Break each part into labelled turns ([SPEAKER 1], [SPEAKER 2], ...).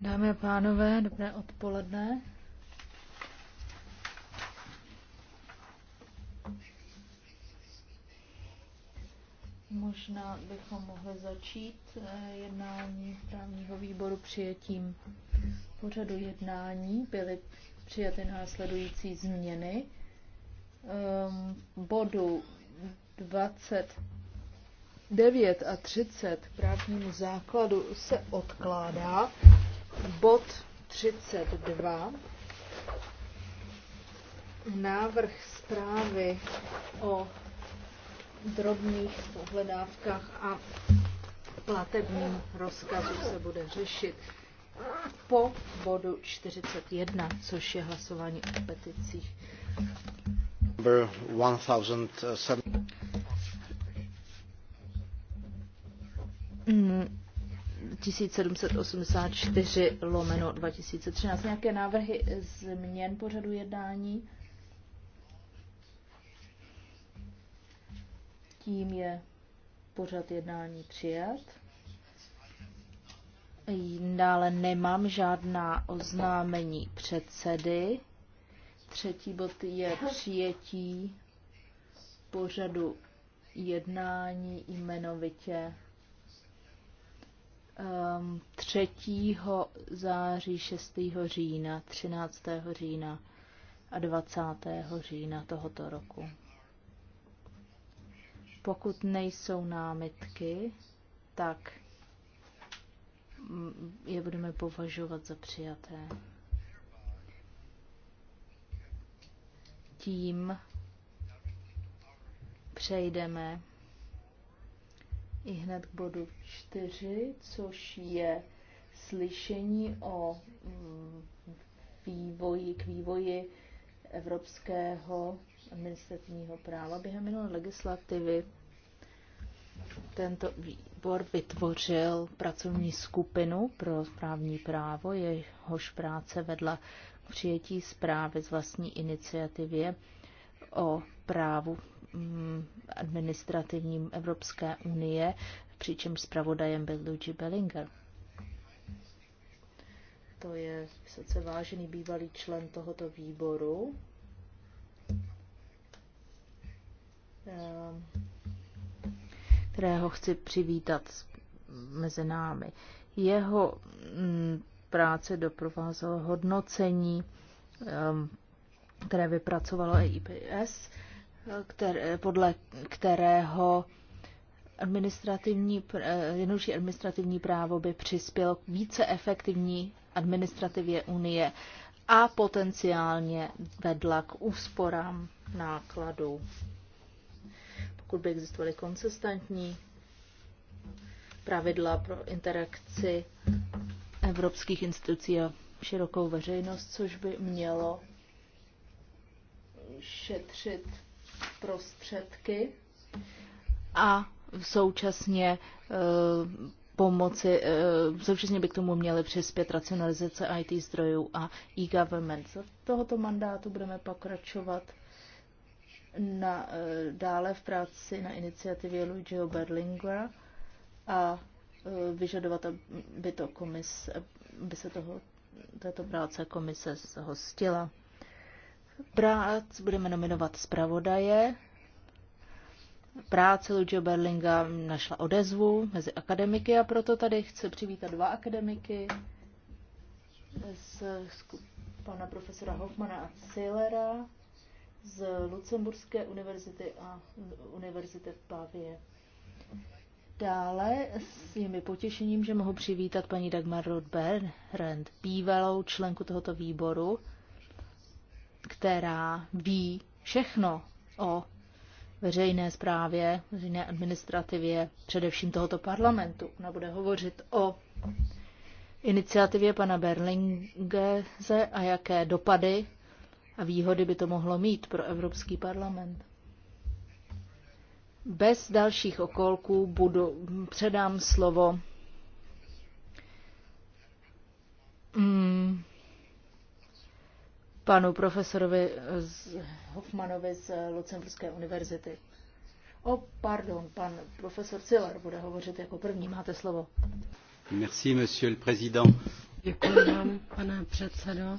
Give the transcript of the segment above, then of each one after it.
[SPEAKER 1] Dámy
[SPEAKER 2] a pánové, dobré odpoledne. Možná bychom mohli začít eh, jednání právního výboru přijetím pořadu jednání. Byly přijaty následující změny. Ehm, bodu 20 9 a 30 k právnímu základu se odkládá. Bod 32. Návrh zprávy o drobných pohledávkách a platebním rozkazu se bude řešit po bodu 41, což je hlasování o peticích. 1007. 1784 lomeno 2013. Nějaké návrhy změn pořadu jednání? Tím je pořad jednání přijat. Dále nemám žádná oznámení předsedy. Třetí bod je přijetí pořadu jednání jmenovitě 3. Um, září, 6. října, 13. října a 20. října tohoto roku. Pokud nejsou námitky, tak je budeme považovat za přijaté. Tím přejdeme i hned k bodu 4, což je slyšení o mm, vývoji, k vývoji evropského administrativního práva během minulé legislativy. Tento výbor vytvořil pracovní skupinu pro správní právo, jehož práce vedla k přijetí zprávy z vlastní iniciativě o právu Mm, administrativním Evropské unie, přičemž zpravodajem byl Luigi Bellinger. To je vysoce vážený bývalý člen tohoto výboru. Ehm, kterého chci přivítat mezi námi. Jeho mm, práce doprovázelo hodnocení, ehm, které vypracovalo EIPS které, podle kterého administrativní, eh, jednodušší administrativní právo by přispělo k více efektivní administrativě Unie a potenciálně vedla k úsporám nákladů. Pokud by existovaly konsistentní pravidla pro interakci evropských institucí a širokou veřejnost, což by mělo šetřit prostředky a současně e, pomoci, e, současně by k tomu měly přispět racionalizace IT zdrojů a e-government. Z tohoto mandátu budeme pokračovat na, e, dále v práci na iniciativě Luigiho Berlingera a vyžadovat, aby, to komis, aby se toho, této práce komise zhostila brát, budeme nominovat zpravodaje. Práce Lucio Berlinga našla odezvu mezi akademiky a proto tady chci přivítat dva akademiky z, z pana profesora Hoffmana a Sillera z Lucemburské univerzity a univerzity v Pavě. Dále s nimi potěšením, že mohu přivítat paní Dagmar Rodberend, bývalou členku tohoto výboru která ví všechno o veřejné zprávě, veřejné administrativě, především tohoto parlamentu. Ona bude hovořit o iniciativě pana Berlingeze a jaké dopady a výhody by to mohlo mít pro Evropský parlament. Bez dalších okolků budu, předám slovo mm, panu profesorovi z Hoffmanovi z Lucemburské univerzity. O, pardon, pan profesor Ciller bude hovořit jako první. Máte slovo.
[SPEAKER 1] Merci, monsieur le président. Děkuji vám, pane předsedo.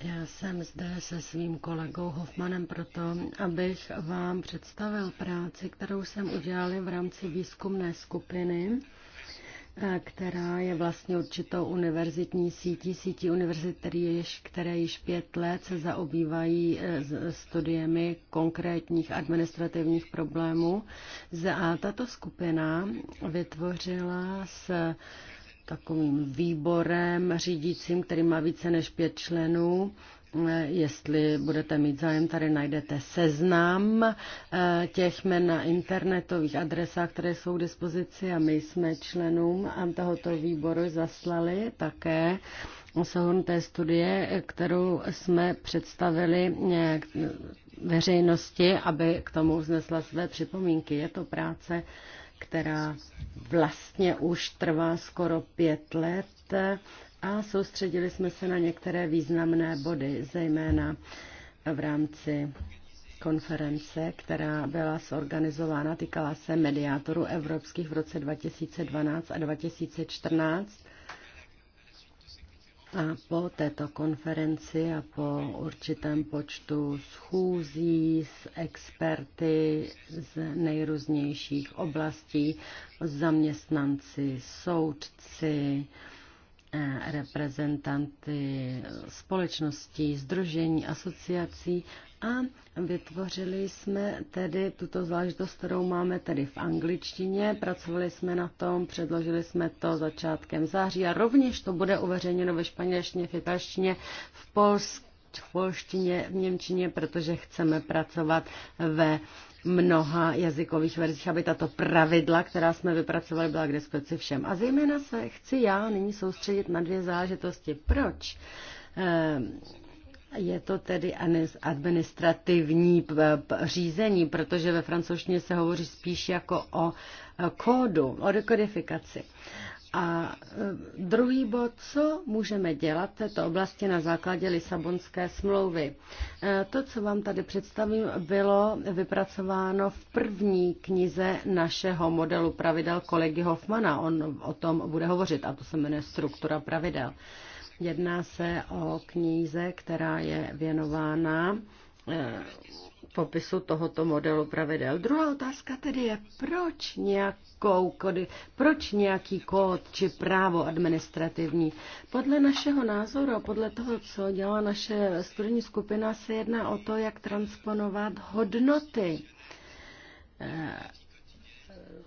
[SPEAKER 1] Já jsem zde se svým kolegou Hoffmanem proto, abych vám představil práci, kterou jsem udělal v rámci výzkumné skupiny Eh, která je vlastně určitou univerzitní sítí, sítí univerzit, které již, pět let se zaobývají eh, studiemi konkrétních administrativních problémů. A tato skupina vytvořila s takovým výborem řídícím, který má více než pět členů, Jestli budete mít zájem, tady najdete seznam eh, těch jmen na internetových adresách, které jsou k dispozici a my jsme členům eh, tohoto výboru zaslali také souhrn té studie, kterou jsme představili eh, veřejnosti, aby k tomu vznesla své připomínky. Je to práce, která vlastně už trvá skoro pět let a soustředili jsme se na některé významné body, zejména v rámci konference, která byla zorganizována, týkala se mediátorů evropských v roce 2012 a 2014. A po této konferenci a po určitém počtu schůzí s experty z nejrůznějších oblastí, zaměstnanci, soudci, reprezentanty společností, združení, asociací a vytvořili jsme tedy tuto záležitost, kterou máme tedy v angličtině. Pracovali jsme na tom, předložili jsme to začátkem září a rovněž to bude uveřejněno ve španělštině, v italštině, v polsku v polštině, v němčině, protože chceme pracovat ve mnoha jazykových verzích, aby tato pravidla, která jsme vypracovali, byla k dispozici všem. A zejména se chci já nyní soustředit na dvě záležitosti. Proč? Ehm, je to tedy administrativní řízení, protože ve francouzštině se hovoří spíš jako o eh, kódu, o dekodifikaci. A e, druhý bod, co můžeme dělat v této oblasti na základě Lisabonské smlouvy. E, to, co vám tady představím, bylo vypracováno v první knize našeho modelu pravidel kolegy Hoffmana. On o tom bude hovořit a to se jmenuje Struktura pravidel. Jedná se o kníze, která je věnována Eh, popisu tohoto modelu pravidel. Druhá otázka tedy je, proč, nějakou kody, proč nějaký kód či právo administrativní? Podle našeho názoru, a podle toho, co dělá naše studijní skupina, se jedná o to, jak transponovat hodnoty eh,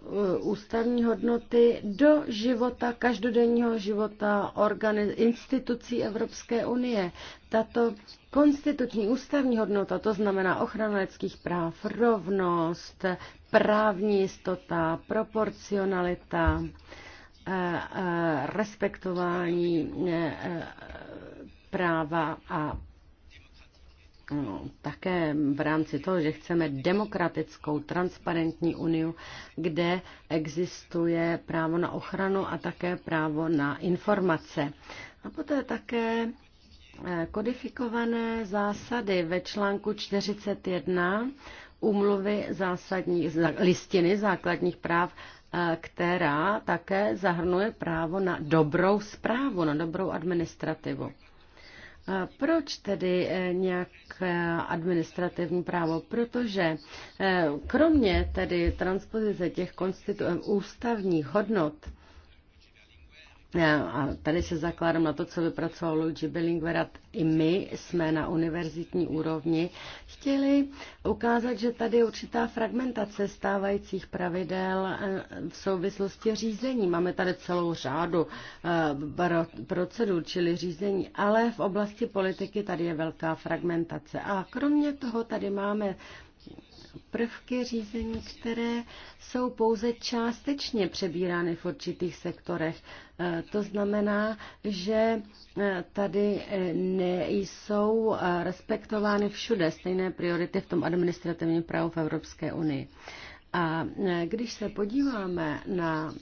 [SPEAKER 1] Eh, ústavní hodnoty do života, každodenního života organiz, institucí Evropské unie. Tato konstituční ústavní hodnota, to znamená ochrana lidských práv, rovnost, právní jistota, proporcionalita, eh, eh, respektování práva a No, také v rámci toho, že chceme demokratickou, transparentní uniu, kde existuje právo na ochranu a také právo na informace. A poté také eh, kodifikované zásady ve článku 41 úmluvy zásadní, listiny základních práv, eh, která také zahrnuje právo na dobrou zprávu, na dobrou administrativu. Proč tedy eh, nějak administrativní právo? Protože eh, kromě tedy transpozice těch konstitu- ústavních hodnot, a tady se zakládám na to, co vypracoval Luigi Bellingwerat. I my jsme na univerzitní úrovni chtěli ukázat, že tady je určitá fragmentace stávajících pravidel eh, v souvislosti řízení. Máme tady celou řádu eh, procedur, čili řízení, ale v oblasti politiky tady je velká fragmentace. A kromě toho tady máme prvky řízení, které jsou pouze částečně přebírány v určitých sektorech. Eh, to znamená, že eh, tady eh, nejsou respektovány všude stejné priority v tom administrativním právu v Evropské unii. A když se podíváme na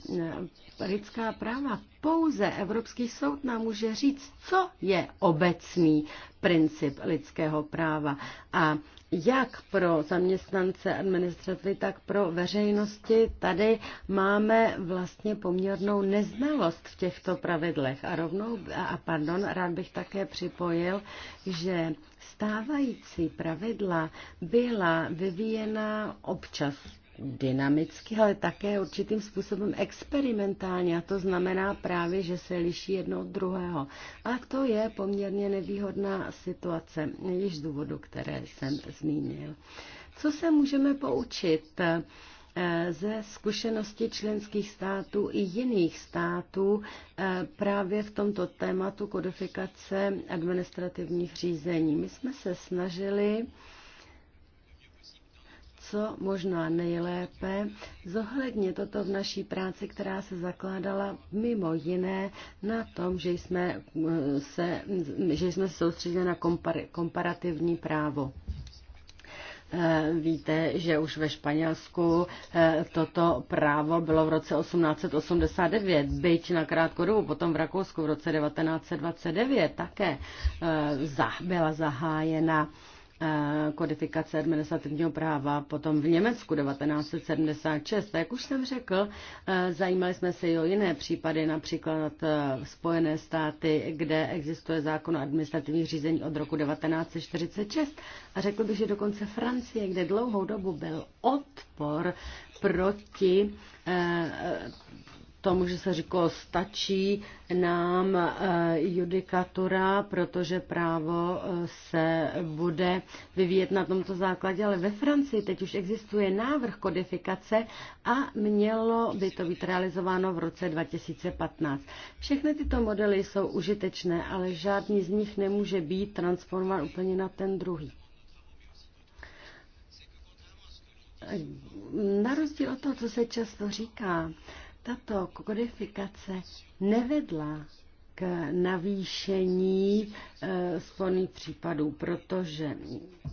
[SPEAKER 1] lidská práva, pouze Evropský soud nám může říct, co je obecný princip lidského práva. A jak pro zaměstnance administrativy, tak pro veřejnosti tady máme vlastně poměrnou neznalost v těchto pravidlech. A rovnou, a pardon, rád bych také připojil, že stávající pravidla byla vyvíjena občas dynamicky, ale také určitým způsobem experimentálně. A to znamená právě, že se liší jedno od druhého. A to je poměrně nevýhodná situace, již z důvodu, které jsem zmínil. Co se můžeme poučit? Eh, ze zkušenosti členských států i jiných států eh, právě v tomto tématu kodifikace administrativních řízení. My jsme se snažili co možná nejlépe zohledně toto v naší práci, která se zakládala mimo jiné na tom, že jsme eh, se, že jsme se soustředili na kompar, komparativní právo. Eh, víte, že už ve Španělsku eh, toto právo bylo v roce 1889, byť na krátkou dobu, potom v Rakousku v roce 1929 také byla zahájena Eh, kodifikace administrativního práva, potom v Německu 1976. A jak už jsem řekl, eh, zajímali jsme se i o jiné případy, například eh, Spojené státy, kde existuje zákon o administrativních řízení od roku 1946. A řekl bych, že dokonce Francie, kde dlouhou dobu byl odpor proti tomu, že se říkalo, stačí nám eh, judikatura, protože právo eh, se bude vyvíjet na tomto základě, ale ve Francii teď už existuje návrh kodifikace a mělo by to být realizováno v roce 2015. Všechny tyto modely jsou užitečné, ale žádný z nich nemůže být transformován úplně na ten druhý. Na rozdíl od toho, co se často říká, tato kodifikace nevedla k navýšení eh, sporných případů, protože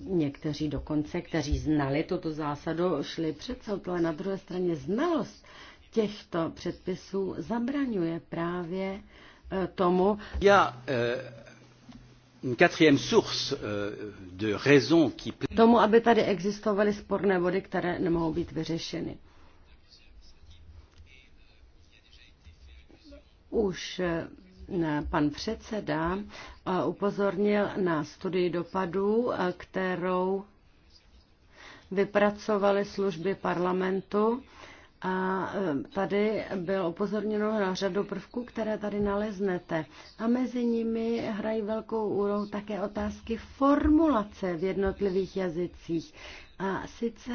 [SPEAKER 1] někteří dokonce, kteří znali tuto zásadu, šli před soud, ale na druhé straně znalost těchto předpisů zabraňuje právě eh, tomu. Já, eh, euh, Tomu, aby tady existovaly sporné vody, které nemohou být vyřešeny. Už eh, pan předseda eh, upozornil na studii dopadů, eh, kterou vypracovaly služby parlamentu. A tady bylo upozorněno na řadu prvků, které tady naleznete. A mezi nimi hrají velkou úrou také otázky formulace v jednotlivých jazycích. A sice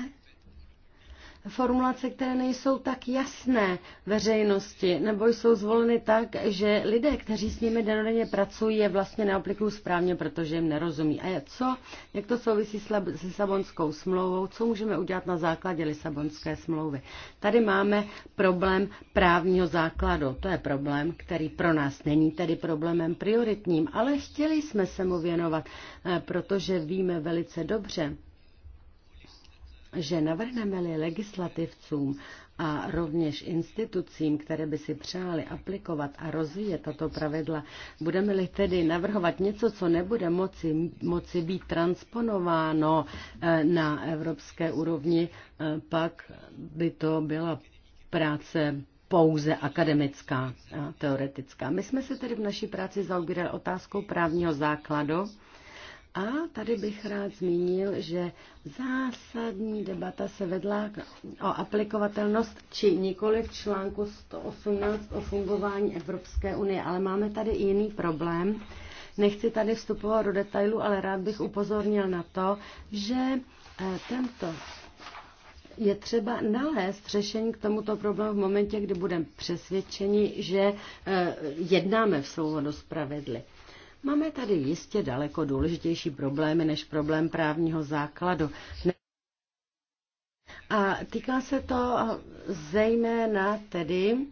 [SPEAKER 1] formulace, které nejsou tak jasné veřejnosti, nebo jsou zvoleny tak, že lidé, kteří s nimi denodenně pracují, je vlastně neaplikují správně, protože jim nerozumí. A co, jak to souvisí s Lisabonskou smlouvou, co můžeme udělat na základě Lisabonské smlouvy? Tady máme problém právního základu. To je problém, který pro nás není tedy problémem prioritním, ale chtěli jsme se mu věnovat, eh, protože víme velice dobře, že navrhneme-li legislativcům a rovněž institucím, které by si přáli aplikovat a rozvíjet tato pravidla, budeme-li tedy navrhovat něco, co nebude moci, moci být transponováno eh, na evropské úrovni, eh, pak by to byla práce pouze akademická a teoretická. My jsme se tedy v naší práci zaobírali otázkou právního základu a tady bych rád zmínil, že zásadní debata se vedla o aplikovatelnost či nikoli v článku 118 o fungování Evropské unie, ale máme tady i jiný problém. Nechci tady vstupovat do detailu, ale rád bych upozornil na to, že eh, tento je třeba nalézt řešení k tomuto problému v momentě, kdy budeme přesvědčeni, že eh, jednáme v souladu s pravidly. Máme tady jistě daleko důležitější problémy než problém právního základu. A týká se to zejména tedy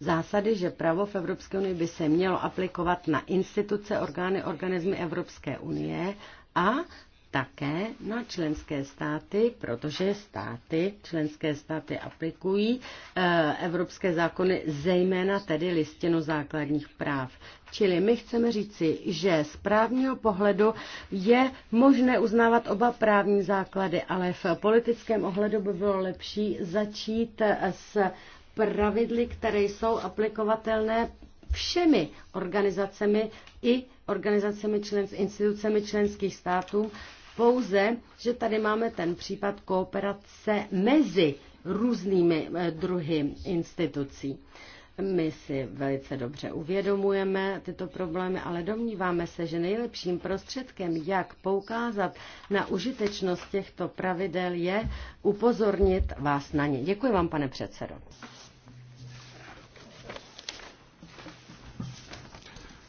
[SPEAKER 1] zásady, že právo v Evropské unii by se mělo aplikovat na instituce, orgány, organismy Evropské unie a také na členské státy, protože státy, členské státy aplikují eh, evropské zákony, zejména tedy listinu základních práv. Čili my chceme říci, že z právního pohledu je možné uznávat oba právní základy, ale v politickém ohledu by bylo lepší začít eh, s pravidly, které jsou aplikovatelné všemi organizacemi i organizacemi člen, institucemi členských států pouze, že tady máme ten případ kooperace mezi různými eh, druhy institucí. My si velice dobře uvědomujeme tyto problémy, ale domníváme se, že nejlepším prostředkem, jak poukázat na užitečnost těchto pravidel, je upozornit vás na ně. Děkuji vám, pane předsedo.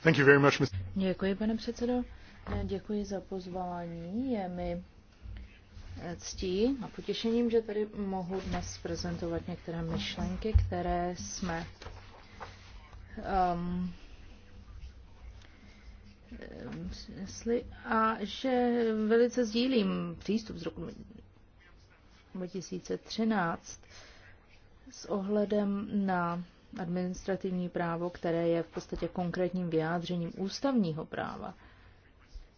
[SPEAKER 3] Thank you very much,
[SPEAKER 2] Děkuji, pane předsedo. Děkuji za pozvání. Je mi ctí a potěšením, že tady mohu dnes prezentovat některé myšlenky, které jsme um, a že velice sdílím přístup z roku 2013 s ohledem na administrativní právo, které je v podstatě konkrétním vyjádřením ústavního práva.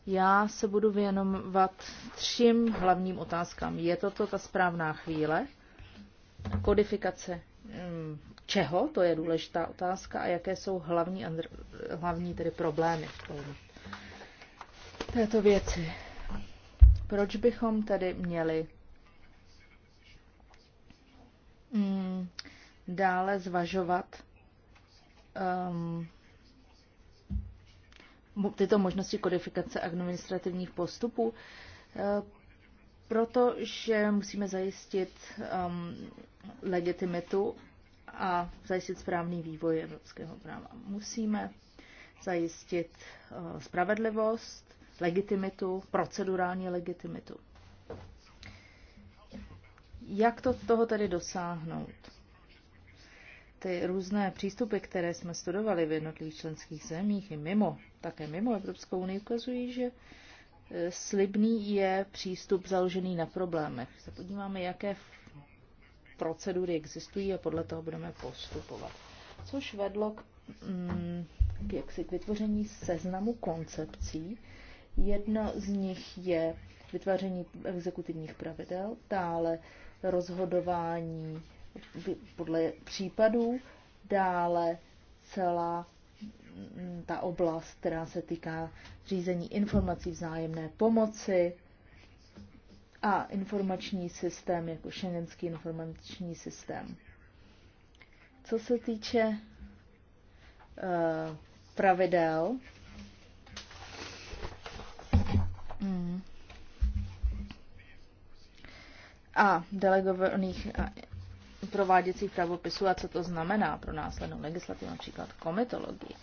[SPEAKER 2] Já se budu věnovat třím hlavním otázkám. Je toto ta správná chvíle? Kodifikace mm, čeho, to je důležitá otázka, a jaké jsou hlavní, hlavní tedy problémy v této věci. Proč bychom tedy měli mm, dále zvažovat um, tyto možnosti kodifikace administrativních postupů, eh, protože musíme zajistit um, legitimitu a zajistit správný vývoj evropského práva. Musíme zajistit uh, spravedlivost, legitimitu, procedurální legitimitu. Jak to toho tedy dosáhnout? ty různé přístupy, které jsme studovali v jednotlivých členských zemích i mimo, také mimo Evropskou unii, ukazují, že e, slibný je přístup založený na problémech. Se podíváme, jaké procedury existují a podle toho budeme postupovat. Což vedlo k, mm, k, jaksi, k vytvoření seznamu koncepcí. Jedno z nich je vytváření exekutivních pravidel, dále rozhodování podle případů, dále celá mm, ta oblast, která se týká řízení informací vzájemné pomoci a informační systém jako šengenský informační systém. Co se týče uh, pravidel, mm, a delegovaných prováděcích pravopisů a co to znamená pro následnou legislativu, například komitologii.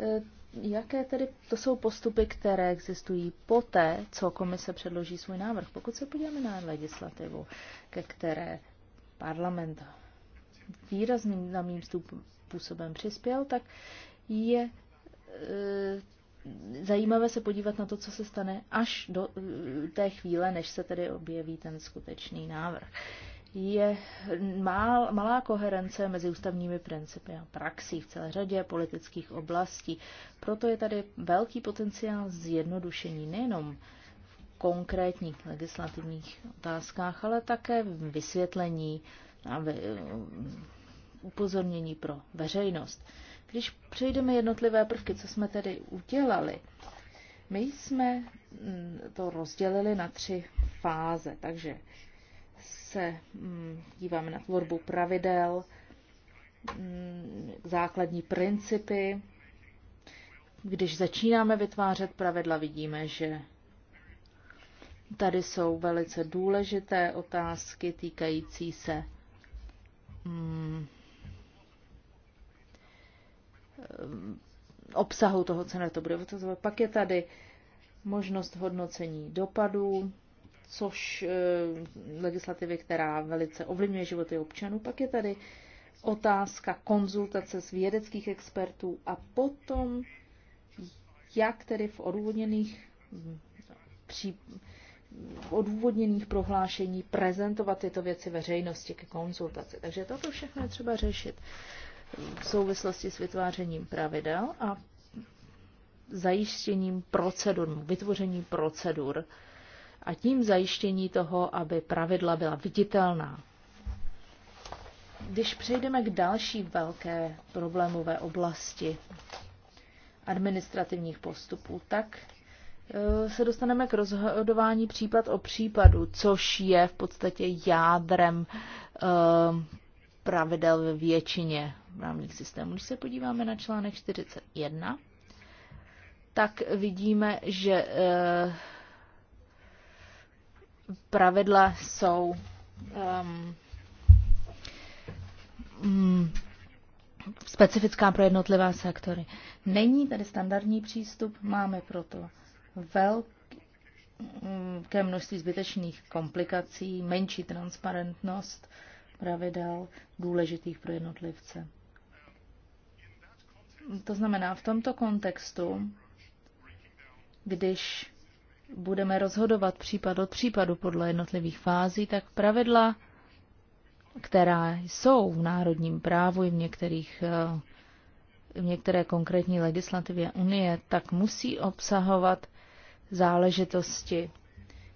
[SPEAKER 2] E, jaké tedy to jsou postupy, které existují poté, co komise předloží svůj návrh? Pokud se podíváme na legislativu, ke které parlament výrazným na mým způsobem přispěl, tak je e, zajímavé se podívat na to, co se stane až do e, té chvíle, než se tedy objeví ten skutečný návrh je mal, malá koherence mezi ústavními principy a praxí v celé řadě politických oblastí. Proto je tady velký potenciál zjednodušení nejenom v konkrétních legislativních otázkách, ale také v vysvětlení a v, eh, upozornění pro veřejnost. Když přejdeme jednotlivé prvky, co jsme tedy udělali, my jsme mm, to rozdělili na tři fáze. Takže se mm, díváme na tvorbu pravidel, mm, základní principy. Když začínáme vytvářet pravidla, vidíme, že tady jsou velice důležité otázky týkající se mm, eh, obsahu toho, co na to bude vytazovat. Pak je tady možnost hodnocení dopadů, což eh, legislativy, která velice ovlivňuje životy občanů. Pak je tady otázka konzultace s vědeckých expertů a potom, jak tedy v odůvodněných, při, v odůvodněných prohlášení prezentovat tyto věci veřejnosti ke konzultaci. Takže toto všechno je třeba řešit v souvislosti s vytvářením pravidel a zajištěním procedur, vytvořením procedur, a tím zajištění toho, aby pravidla byla viditelná. Když přejdeme k další velké problémové oblasti administrativních postupů, tak e, se dostaneme k rozhodování případ o případu, což je v podstatě jádrem e, pravidel ve většině právních systémů. Když se podíváme na článek 41, tak vidíme, že e, pravidla jsou um, mm, specifická pro jednotlivá sektory. Není tady standardní přístup, máme proto velké množství zbytečných komplikací, menší transparentnost pravidel důležitých pro jednotlivce. To znamená, v tomto kontextu, když budeme rozhodovat případ od případu podle jednotlivých fází, tak pravidla, která jsou v národním právu i v některých eh, v některé konkrétní legislativě Unie, tak musí obsahovat záležitosti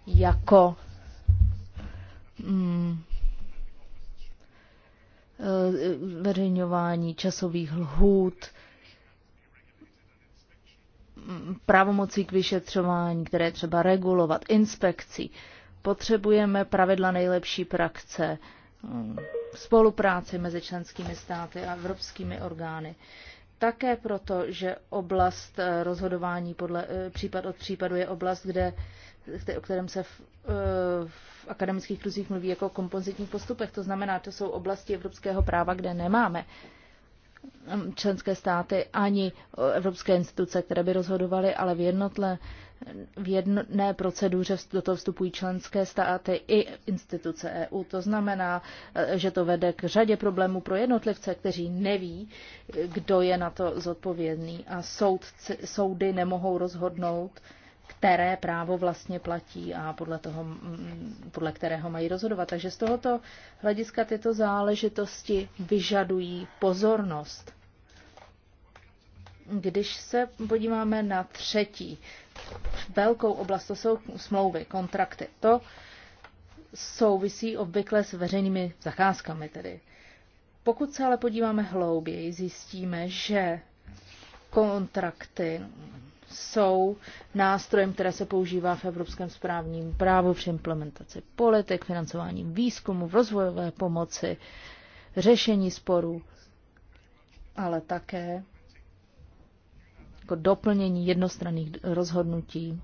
[SPEAKER 2] jako hmm, veřejňování časových lhůt, Mm, pravomocí k vyšetřování, které třeba regulovat, inspekcí. Potřebujeme pravidla nejlepší praxe, mm, spolupráci mezi členskými státy a evropskými orgány. Také proto, že oblast eh, rozhodování podle, eh, případ od případu je oblast, kde, o kterém se v, eh, v akademických kruzích mluví jako kompozitních postupech. To znamená, to jsou oblasti evropského práva, kde nemáme členské státy ani evropské instituce, které by rozhodovaly, ale v jednotle v jedné proceduře do toho vstupují členské státy i instituce EU. To znamená, že to vede k řadě problémů pro jednotlivce, kteří neví, kdo je na to zodpovědný a soudci, soudy nemohou rozhodnout které právo vlastně platí a podle, toho, mm, podle kterého mají rozhodovat. Takže z tohoto hlediska tyto záležitosti vyžadují pozornost. Když se podíváme na třetí velkou oblast, to jsou smlouvy, kontrakty. To souvisí obvykle s veřejnými zakázkami tedy. Pokud se ale podíváme hlouběji, zjistíme, že kontrakty jsou nástrojem, které se používá v evropském správním právu při implementaci politik, financování výzkumu, v rozvojové pomoci, řešení sporů, ale také jako doplnění jednostranných rozhodnutí.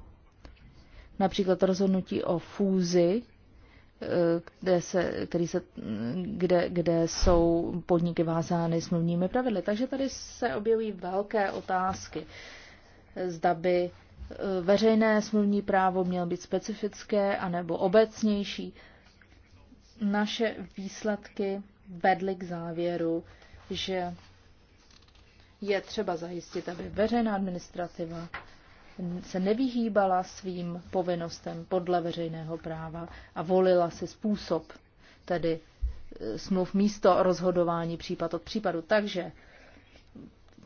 [SPEAKER 2] Například rozhodnutí o fúzi, eh, kde se, který se, kde, kde jsou podniky vázány smluvními pravidly. Takže tady se objevují velké otázky zda by e, veřejné smluvní právo mělo být specifické anebo obecnější. Naše výsledky vedly k závěru, že je třeba zajistit, aby veřejná administrativa se nevyhýbala svým povinnostem podle veřejného práva a volila si způsob, tedy e, smluv místo rozhodování případ od případu. Takže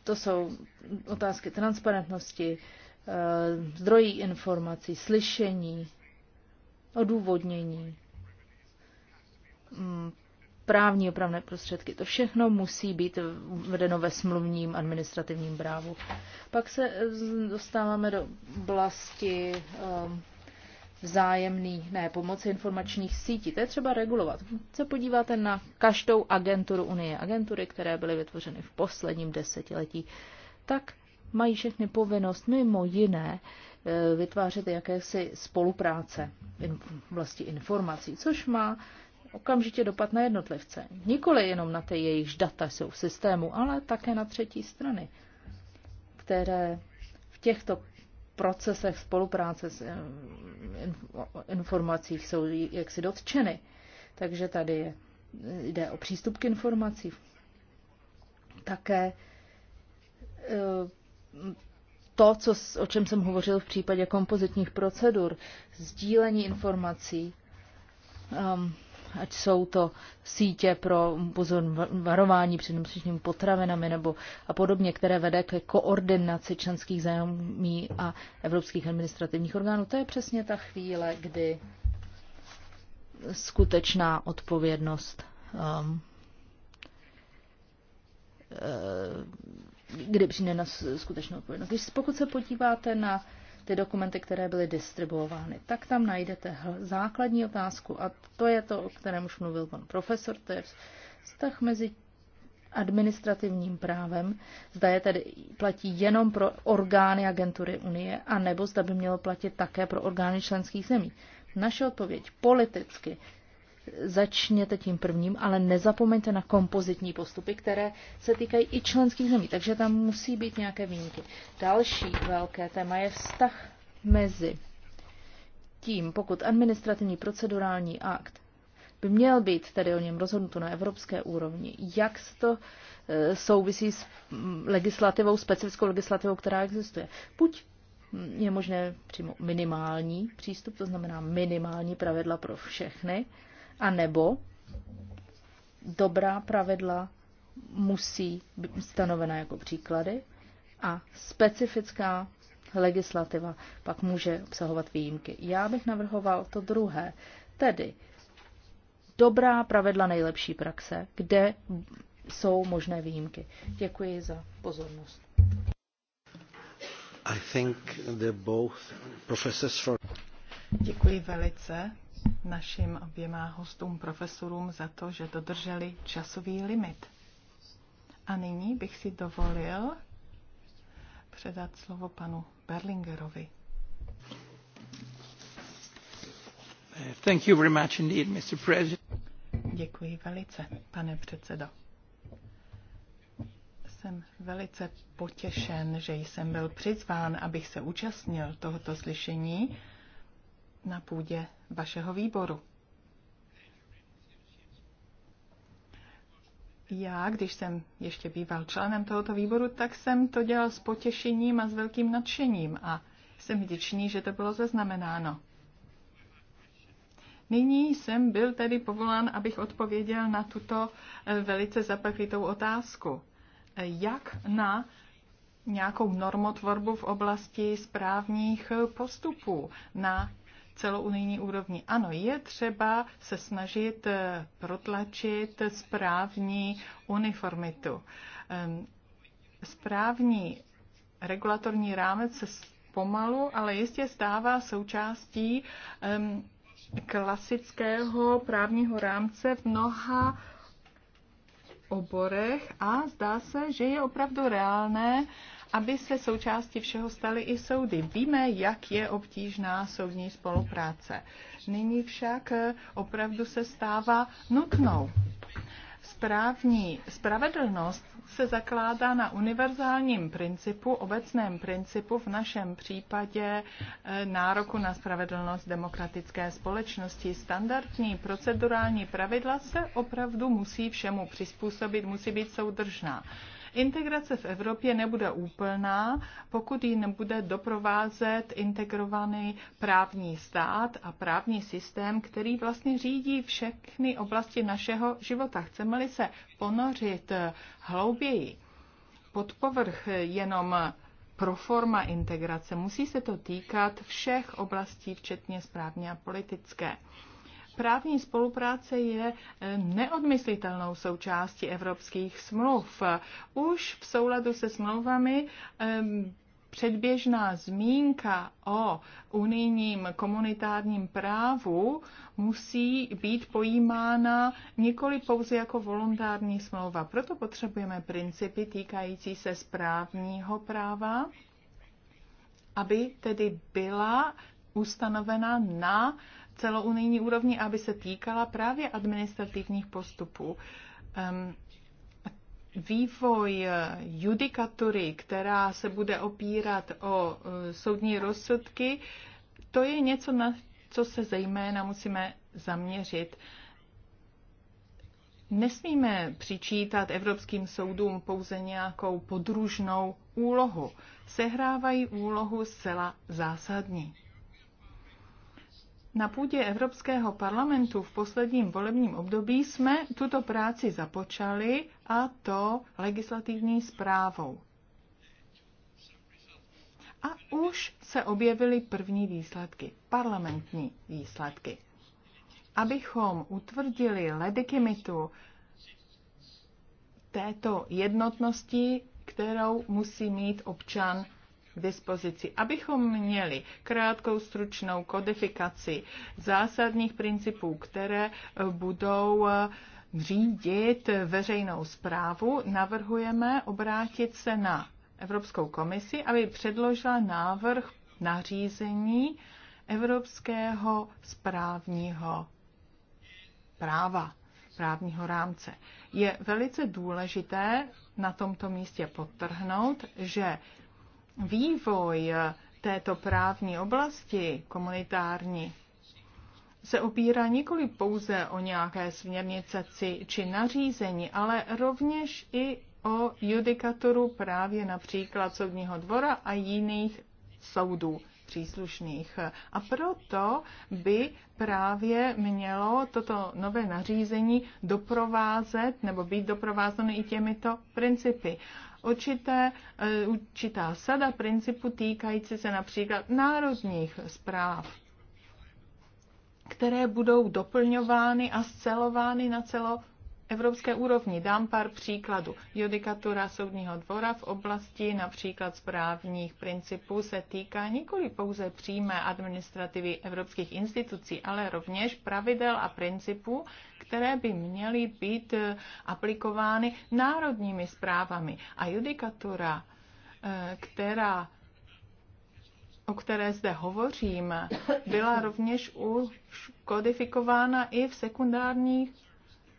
[SPEAKER 2] to jsou otázky transparentnosti, eh, zdrojí informací, slyšení, odůvodnění, mm, právní opravné prostředky. To všechno musí být vedeno ve smluvním administrativním právu. Pak se eh, dostáváme do oblasti eh, vzájemný ne, pomoc informačních sítí. To je třeba regulovat. Se podíváte na každou agenturu Unie, agentury, které byly vytvořeny v posledním desetiletí, tak mají všechny povinnost mimo jiné e, vytvářet jakési spolupráce v oblasti informací, což má okamžitě dopad na jednotlivce. Nikoli jenom na ty jejichž data jsou v systému, ale také na třetí strany, které v těchto procesech spolupráce s eh, informací jsou jaksi dotčeny. Takže tady je, jde o přístup k informacím. Také eh, to, co, o čem jsem hovořil v případě kompozitních procedur, sdílení informací, um, ať jsou to sítě pro varování před nemocničními potravinami nebo a podobně, které vede ke koordinaci členských zájmů a evropských administrativních orgánů. To je přesně ta chvíle, kdy skutečná odpovědnost um, uh, kdy přijde na skutečnou odpovědnost. Když pokud se podíváte na ty dokumenty, které byly distribuovány, tak tam najdete základní otázku a to je to, o kterém už mluvil pan profesor, to je vztah mezi administrativním právem, zda je tedy platí jenom pro orgány agentury Unie, anebo zda by mělo platit také pro orgány členských zemí. Naše odpověď politicky začněte tím prvním, ale nezapomeňte na kompozitní postupy, které se týkají i členských zemí, takže tam musí být nějaké výjimky. Další velké téma je vztah mezi tím, pokud administrativní procedurální akt by měl být tedy o něm rozhodnuto na evropské úrovni, jak se to e, souvisí s mm, legislativou, specifickou legislativou, která existuje. Buď mm, je možné přímo minimální přístup, to znamená minimální pravidla pro všechny, a nebo dobrá pravidla musí být stanovena jako příklady a specifická legislativa pak může obsahovat výjimky. Já bych navrhoval to druhé, tedy dobrá pravidla nejlepší praxe, kde jsou možné výjimky. Děkuji za
[SPEAKER 3] pozornost.
[SPEAKER 1] I think both professors
[SPEAKER 3] for... Děkuji velice našim oběma hostům, profesorům, za to, že dodrželi časový limit. A nyní bych si dovolil předat slovo panu Berlingerovi. Thank you very much indeed, Mr. President. Děkuji velice, pane předsedo. Jsem velice potěšen, že jsem byl přizván, abych se účastnil tohoto slyšení na půdě vašeho výboru. Já, když jsem ještě býval členem tohoto výboru, tak jsem to dělal s potěšením a s velkým nadšením a jsem vděčný, že to bylo zaznamenáno. Nyní jsem byl tedy povolán, abych odpověděl na tuto eh, velice zapeklitou otázku. Eh, jak na nějakou normotvorbu v oblasti správních eh, postupů, na celounijní úrovni. Ano, je třeba se snažit eh, protlačit správní uniformitu. Ehm, správní regulatorní rámec se pomalu, ale jistě stává součástí ehm, klasického právního rámce v mnoha oborech a zdá se, že je opravdu reálné aby se součástí všeho staly i soudy. Víme, jak je obtížná soudní spolupráce. Nyní však eh, opravdu se stává nutnou. Správní spravedlnost se zakládá na univerzálním principu, obecném principu, v našem případě eh, nároku na spravedlnost demokratické společnosti. Standardní procedurální pravidla se opravdu musí všemu přizpůsobit, musí být soudržná. Integrace v Evropě nebude úplná, pokud ji nebude doprovázet integrovaný právní stát a právní systém, který vlastně řídí všechny oblasti našeho života. Chceme-li se ponořit hlouběji pod povrch jenom pro forma integrace, musí se to týkat všech oblastí, včetně správně a politické. Právní spolupráce je eh, neodmyslitelnou součástí evropských smluv. Už v souladu se smlouvami ehm, předběžná zmínka o unijním komunitárním právu musí být pojímána nikoli pouze jako voluntární smlouva. Proto potřebujeme principy týkající se správního práva, aby tedy byla ustanovena na celounijní úrovni, aby se týkala právě administrativních postupů. Um, vývoj eh, judikatury, která se bude opírat o eh, soudní rozsudky, to je něco, na co se zejména musíme zaměřit. Nesmíme přičítat evropským soudům pouze nějakou podružnou úlohu. Sehrávají úlohu zcela zásadní na půdě Evropského parlamentu v posledním volebním období jsme tuto práci započali a to legislativní zprávou. A už se objevily první výsledky, parlamentní výsledky. Abychom utvrdili legitimitu této jednotnosti, kterou musí mít občan dispozici, abychom měli krátkou stručnou kodifikaci zásadních principů, které budou eh, řídit veřejnou zprávu, navrhujeme obrátit se na Evropskou komisi, aby předložila návrh nařízení Evropského správního práva, právního rámce. Je velice důležité na tomto místě podtrhnout, že vývoj této právní oblasti komunitární se opírá nikoli pouze o nějaké směrnice či nařízení, ale rovněž i o judikaturu právě například Soudního dvora a jiných soudů příslušných. A proto by právě mělo toto nové nařízení doprovázet nebo být doprovázeno i těmito principy určité, eh, určitá sada principu týkající se například národních zpráv, které budou doplňovány a scelovány na celo evropské úrovni. Dám pár příkladů. Judikatura Soudního dvora v oblasti například správních principů se týká nikoli pouze přímé administrativy evropských institucí, ale rovněž pravidel a principů, které by měly být eh, aplikovány národními zprávami. A judikatura, eh, která o které zde hovořím, byla rovněž už kodifikována i v sekundárních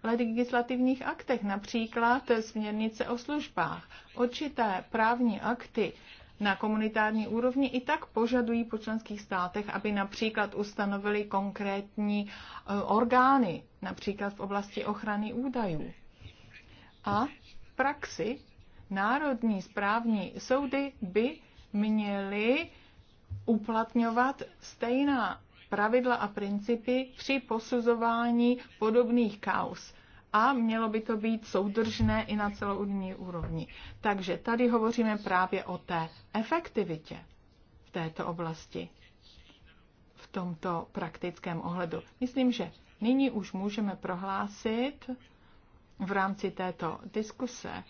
[SPEAKER 3] legislativních aktech, například směrnice o službách. Určité právní akty na komunitární úrovni i tak požadují po členských státech, aby například ustanovili konkrétní eh, orgány, například v oblasti ochrany údajů. A v praxi národní správní soudy by měly uplatňovat stejná pravidla a principy při posuzování podobných kaus a mělo by to být soudržné i na celounijní úrovni. Takže tady hovoříme právě o té efektivitě v této oblasti, v tomto praktickém ohledu. Myslím, že nyní už můžeme prohlásit v rámci této diskuse,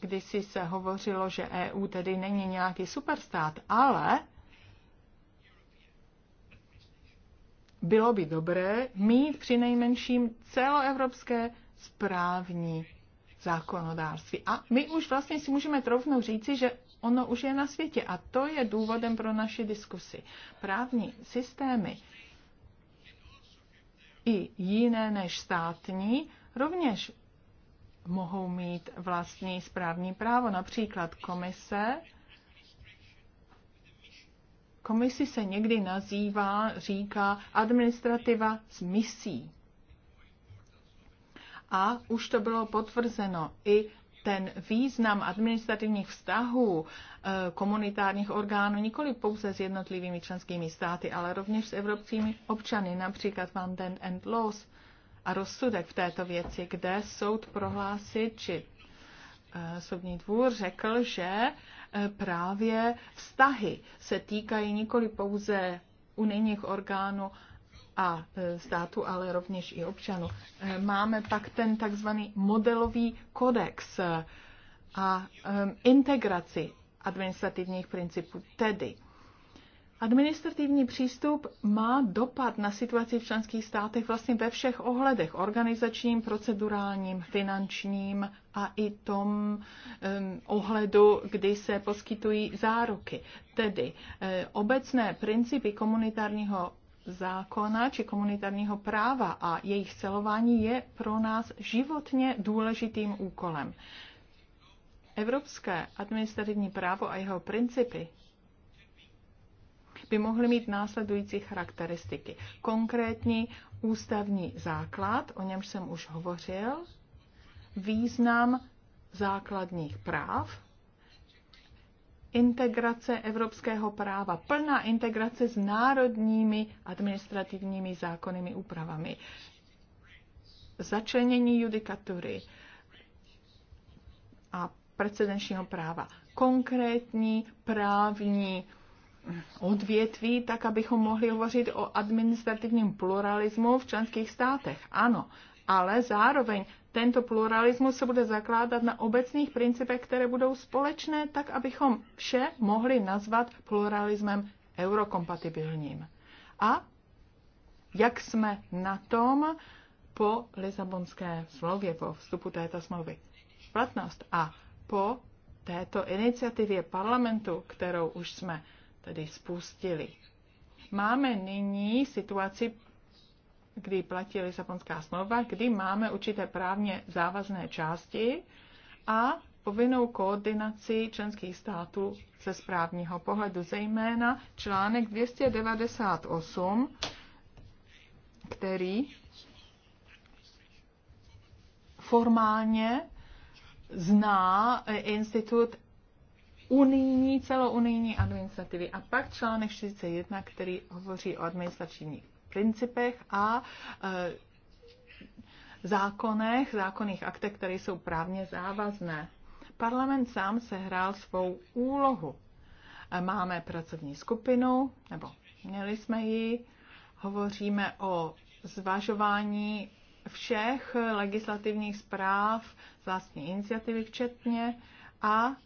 [SPEAKER 3] kdy si se hovořilo, že EU tedy není nějaký superstát, ale bylo by dobré mít při nejmenším celoevropské správní zákonodárství. A my už vlastně si můžeme troufnout říci, že ono už je na světě. A to je důvodem pro naši diskusi. Právní systémy i jiné než státní rovněž mohou mít vlastní správní právo. Například komise Komisi se někdy nazývá, říká administrativa s misí. A už to bylo potvrzeno i ten význam administrativních vztahů eh, komunitárních orgánů nikoli pouze s jednotlivými členskými státy, ale rovněž s evropskými občany, například vám ten and Laws a rozsudek v této věci, kde soud prohlásit, či eh, soudní dvůr řekl, že E, právě vztahy se týkají nikoli pouze unijních orgánů a e, státu, ale rovněž i občanů. E, máme pak ten takzvaný modelový kodex a integraci administrativních principů. Tedy Administrativní přístup má dopad na situaci v členských státech vlastně ve všech ohledech, organizačním, procedurálním, finančním a i tom um, ohledu, kdy se poskytují záruky. Tedy e, obecné principy komunitárního zákona či komunitárního práva a jejich celování je pro nás životně důležitým úkolem. Evropské administrativní právo a jeho principy by mohly mít následující charakteristiky. Konkrétní ústavní základ, o němž jsem už hovořil, význam základních práv, integrace evropského práva, plná integrace s národními administrativními zákonnými úpravami, začlenění judikatury a precedenčního práva, konkrétní právní odvětví, tak abychom mohli hovořit o administrativním pluralismu v členských státech. Ano, ale zároveň tento pluralismus se bude zakládat na obecných principech, které budou společné, tak abychom vše mohli nazvat pluralismem eurokompatibilním. A jak jsme na tom po Lisabonské smlouvě, po vstupu této smlouvy platnost a po této iniciativě parlamentu, kterou už jsme tedy spustili. Máme nyní situaci, kdy platí Lisabonská smlouva, kdy máme určité právně závazné části a povinnou koordinaci členských států ze správního pohledu, zejména článek 298, který formálně zná institut unijní, celounijní administrativy. A pak článek 41, který hovoří o administrativních principech a e, zákonech, zákonných aktech, které jsou právně závazné. Parlament sám sehrál svou úlohu. E, máme pracovní skupinu, nebo měli jsme ji, hovoříme o zvažování všech legislativních zpráv z vlastní iniciativy včetně a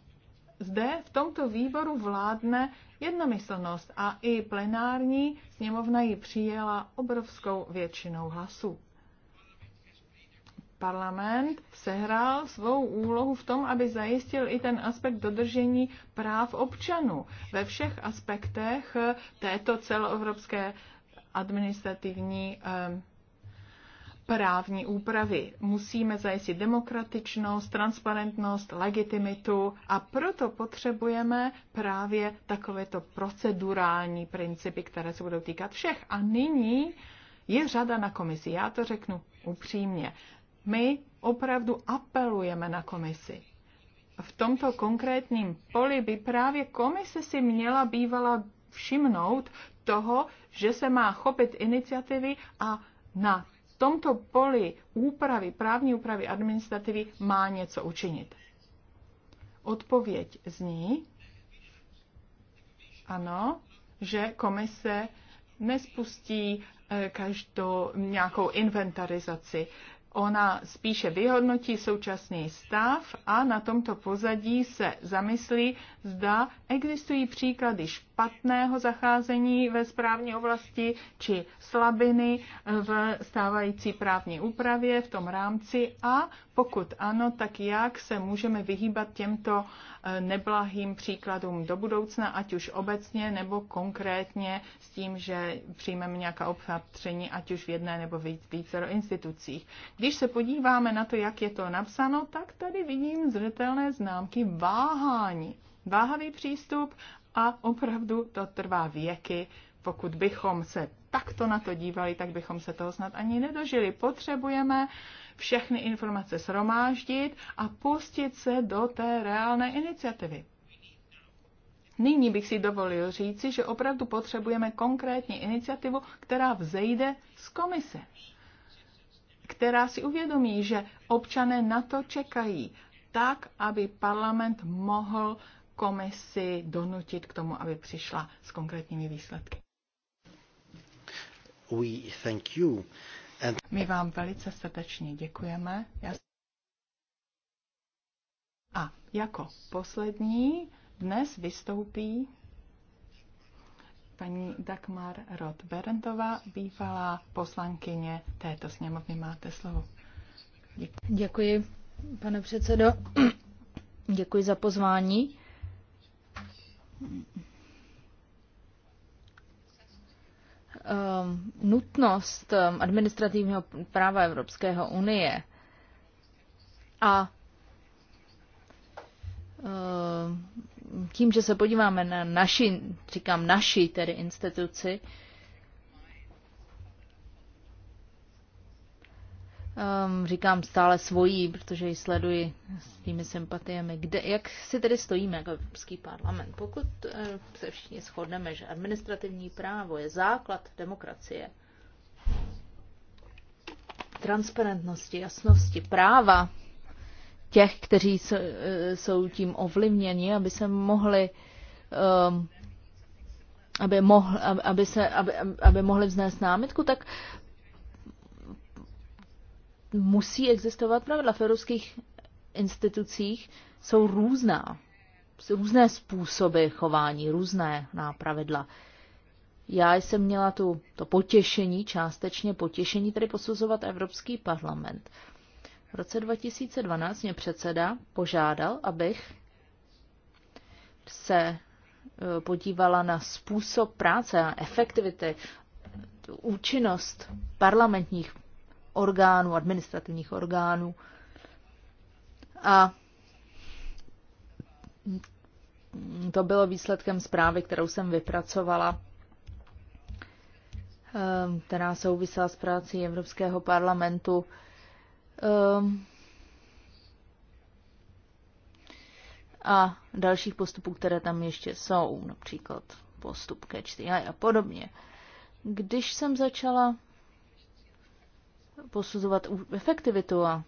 [SPEAKER 3] zde v tomto výboru vládne jednomyslnost a i plenární sněmovna ji přijela obrovskou většinou hlasů. Parlament sehrál svou úlohu v tom, aby zajistil i ten aspekt dodržení práv občanů ve všech aspektech této celoevropské administrativní eh, právní úpravy. Musíme zajistit demokratičnost, transparentnost, legitimitu a proto potřebujeme právě takovéto procedurální principy, které se budou týkat všech. A nyní je řada na komisi. Já to řeknu upřímně. My opravdu apelujeme na komisi. V tomto konkrétním poli by právě komise si měla bývala všimnout toho, že se má chopit iniciativy a na tomto poli úpravy, právní úpravy administrativy má něco učinit. Odpověď zní, ano, že komise nespustí eh, každou nějakou inventarizaci. Ona spíše vyhodnotí současný stav a na tomto pozadí se zamyslí, zda existují příklady špatných špatného zacházení ve správní oblasti či slabiny v stávající právní úpravě v tom rámci a pokud ano, tak jak se můžeme vyhýbat těmto eh, neblahým příkladům do budoucna, ať už obecně nebo konkrétně s tím, že přijmeme nějaká opatření, ať už v jedné nebo v více institucích. Když se podíváme na to, jak je to napsáno, tak tady vidím zřetelné známky váhání váhavý přístup a opravdu to trvá věky. Pokud bychom se takto na to dívali, tak bychom se toho snad ani nedožili. Potřebujeme všechny informace sromáždit a pustit se do té reálné iniciativy. Nyní bych si dovolil říci, že opravdu potřebujeme konkrétní iniciativu, která vzejde z komise, která si uvědomí, že občané na to čekají, tak, aby parlament mohl komisi donutit k tomu, aby přišla s konkrétními výsledky. We thank you. And... My vám velice srdečně děkujeme. Já... A jako poslední dnes vystoupí paní Dagmar Roth-Berentová, bývalá poslankyně této sněmovny. Máte slovo. Děkuji, Děkuji pane předsedo. Děkuji za pozvání.
[SPEAKER 2] Um, nutnost um, administrativního práva Evropského unie a um, tím, že se podíváme na naši, říkám naši tedy instituci, um, říkám stále svojí, protože ji sleduji s tými sympatiemi. Kde, jak si tedy stojíme jako Evropský parlament? Pokud uh, se všichni shodneme, že administrativní právo je základ demokracie, transparentnosti, jasnosti, práva těch, kteří eh, jsou tím ovlivněni, aby se mohli um, aby, mohl, aby, se, aby, aby mohli vznést námitku, tak musí existovat pravidla. V evropských institucích jsou různá, různé způsoby chování, různé nápravidla. Já jsem měla tu, to potěšení, částečně potěšení, tedy posuzovat Evropský parlament. V roce 2012 mě předseda požádal, abych se e, podívala na způsob práce a efektivity, účinnost parlamentních orgánů, administrativních orgánů. A to bylo výsledkem zprávy, kterou jsem vypracovala, ehm, která souvisela s prací Evropského parlamentu. Ehm, a dalších postupů, které tam ještě jsou, například postup ke a podobně. Když jsem začala posuzovat efektivitu a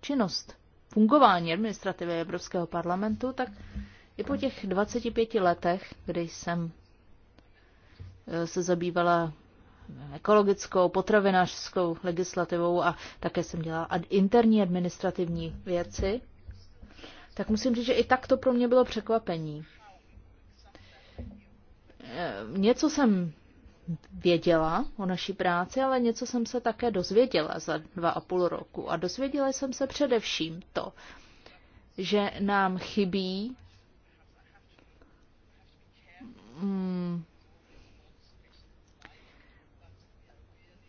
[SPEAKER 2] činnost fungování administrativy Evropského parlamentu, tak i po těch 25 letech, kdy jsem eh, se zabývala ekologickou, potravinářskou legislativou a také jsem dělala interní administrativní věci, tak musím říct, že i tak to pro mě bylo překvapení. Eh, něco jsem věděla o naší práci, ale něco jsem se také dozvěděla za dva a půl roku. A dozvěděla jsem se především to, že nám chybí mm,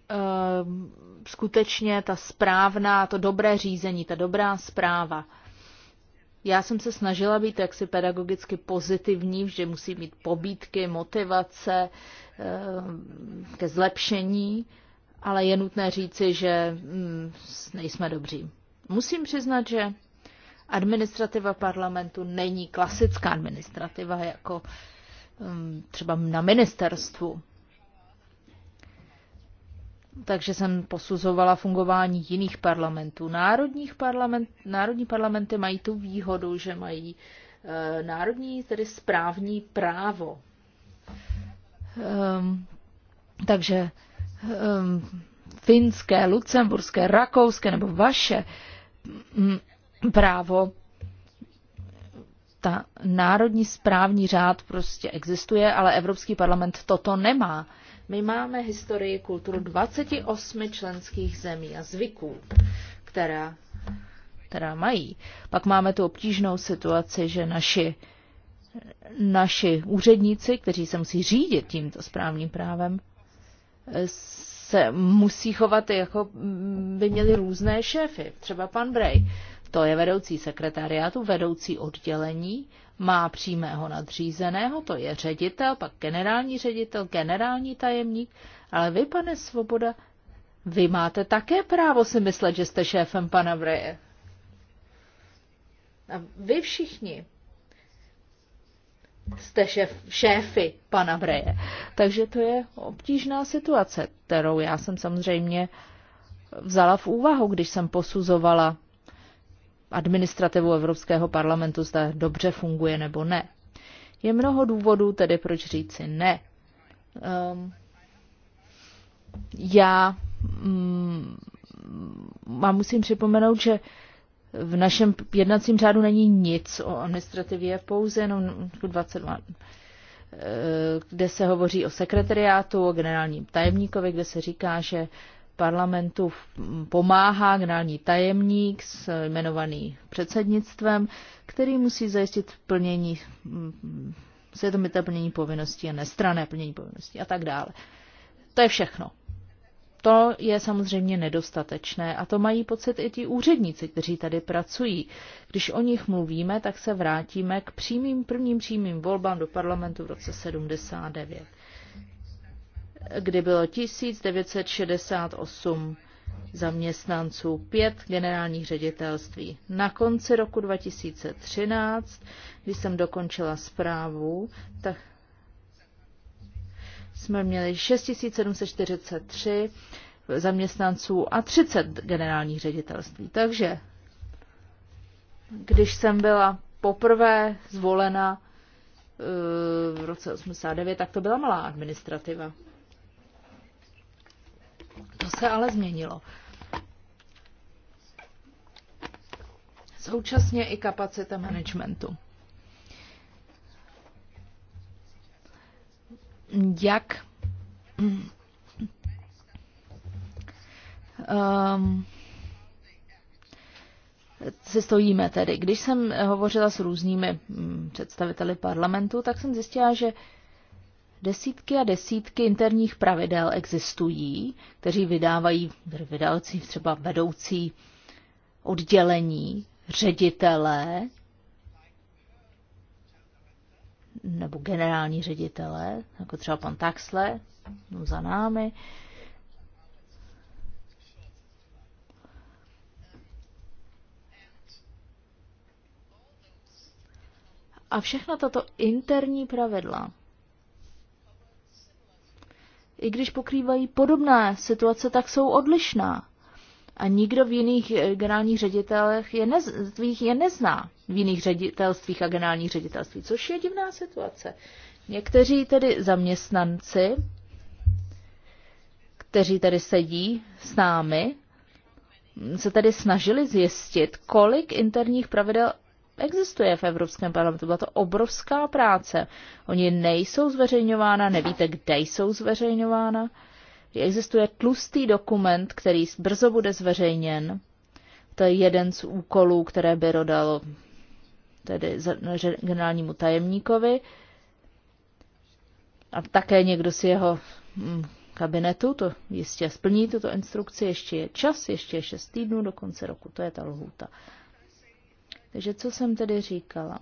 [SPEAKER 2] ehm, skutečně ta správná, to dobré řízení, ta dobrá zpráva já jsem se snažila být jaksi pedagogicky pozitivní, že musí mít pobídky, motivace eh, ke zlepšení, ale je nutné říci, že mm, nejsme dobří. Musím přiznat, že administrativa parlamentu není klasická administrativa jako mm, třeba na ministerstvu takže jsem posuzovala fungování jiných parlamentů. Národních parlament, národní parlamenty mají tu výhodu, že mají e, národní, tedy správní právo. Ehm, takže ehm, finské, lucemburské, rakouské nebo vaše m, mm, právo, ta národní správní řád prostě existuje, ale Evropský parlament toto nemá. My máme historii kulturu 28 členských zemí a zvyků, která, která mají. Pak máme tu obtížnou situaci, že naši, naši úředníci, kteří se musí řídit tímto správným právem, se musí chovat, jako by měli různé šéfy. Třeba pan Brej, to je vedoucí sekretariátu, vedoucí oddělení má přímého nadřízeného, to je ředitel, pak generální ředitel, generální tajemník, ale vy, pane Svoboda, vy máte také právo si myslet, že jste šéfem pana Vreje. A vy všichni jste šéf, šéfy pana Vreje. Takže to je obtížná situace, kterou já jsem samozřejmě vzala v úvahu, když jsem posuzovala administrativu Evropského parlamentu, zda dobře funguje nebo ne. Je mnoho důvodů tedy, proč říci ne. Um, já um, musím připomenout, že v našem jednacím řádu není nic o administrativě, pouze jenom 22 e, kde se hovoří o sekretariátu, o generálním tajemníkovi, kde se říká, že parlamentu pomáhá generální tajemník s jmenovaný předsednictvem, který musí zajistit plnění, mm, světomité plnění povinností a nestrané plnění povinností a tak dále. To je všechno. To je samozřejmě nedostatečné a to mají pocit i ti úředníci, kteří tady pracují. Když o nich mluvíme, tak se vrátíme k přímým, prvním přímým volbám do parlamentu v roce 79 kdy bylo 1968 zaměstnanců, pět generálních ředitelství. Na konci roku 2013, když jsem dokončila zprávu, tak jsme měli 6743 zaměstnanců a 30 generálních ředitelství. Takže když jsem byla poprvé zvolena eh, v roce 89, tak to byla malá administrativa. To se ale změnilo. Současně i kapacita managementu. Jak um, se stojíme tedy. Když jsem hovořila s různými mm, představiteli parlamentu, tak jsem zjistila, že Desítky a desítky interních pravidel existují, kteří vydávají vydavci, třeba vedoucí oddělení, ředitelé nebo generální ředitelé, jako třeba pan Taxle, no, za námi, A všechna tato interní pravidla i když pokrývají podobné situace, tak jsou odlišná. A nikdo v jiných eh, generálních ředitelech je, nez, je nezná v jiných ředitelstvích a generálních ředitelství, což je divná situace. Někteří tedy zaměstnanci, kteří tady sedí s námi, se tedy snažili zjistit, kolik interních pravidel existuje v Evropském parlamentu. Byla to obrovská práce. Oni nejsou zveřejňována, nevíte, kde jsou zveřejňována. Existuje tlustý dokument, který brzo bude zveřejněn. To je jeden z úkolů, které Byro dalo tedy generálnímu tajemníkovi. A také někdo z jeho mm, kabinetu, to jistě splní tuto instrukci, ještě je čas, ještě je šest týdnů do konce roku, to je ta lhůta. Takže co jsem tedy říkala?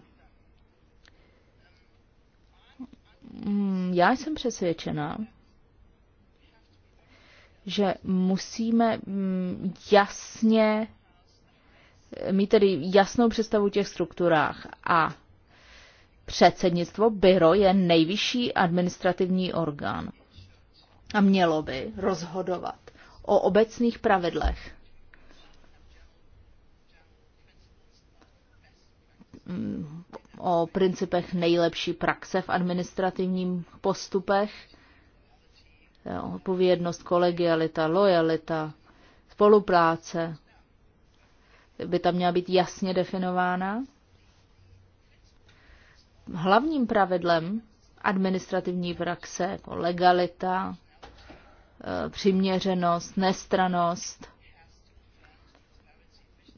[SPEAKER 2] Hmm, já jsem přesvědčena, že musíme hmm, jasně mít tedy jasnou představu těch strukturách a předsednictvo, byro je nejvyšší administrativní orgán a mělo by rozhodovat o obecných pravidlech o principech nejlepší praxe v administrativním postupech, odpovědnost, kolegialita, lojalita, spolupráce by tam měla být jasně definována. Hlavním pravidlem administrativní praxe jako legalita, e, přiměřenost, nestranost,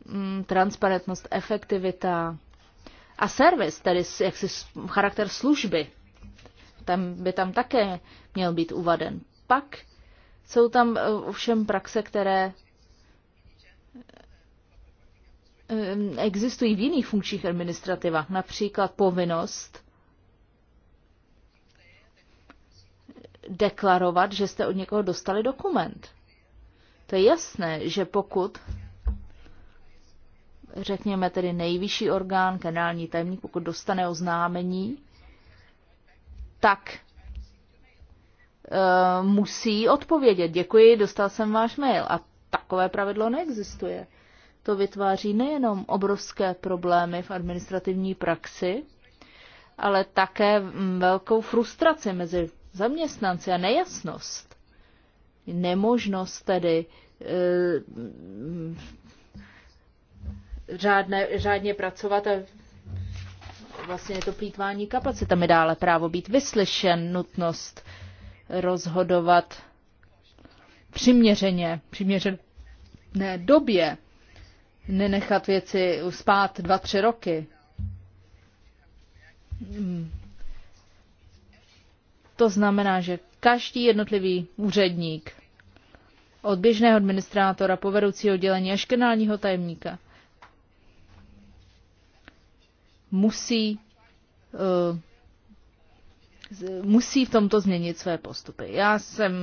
[SPEAKER 2] mm, transparentnost, efektivita, a servis, tedy jaksi charakter služby, tam by tam také měl být uvaden. Pak jsou tam eh, ovšem praxe, které eh, existují v jiných funkčních administrativách, například povinnost deklarovat, že jste od někoho dostali dokument. To je jasné, že pokud řekněme tedy nejvyšší orgán, kanální tajemník, pokud dostane oznámení, tak e, musí odpovědět. Děkuji, dostal jsem váš mail. A takové pravidlo neexistuje. To vytváří nejenom obrovské problémy v administrativní praxi, ale také mm, velkou frustraci mezi zaměstnanci a nejasnost. Nemožnost tedy eh, řádně pracovat a vlastně je to plítvání kapacitami dále, právo být vyslyšen, nutnost rozhodovat přiměřeně, přiměřené době, nenechat věci spát dva, tři roky. Hmm. To znamená, že každý jednotlivý úředník, od běžného administrátora po vedoucího oddělení až generálního tajemníka, musí eh, musí v tomto změnit své postupy. Já jsem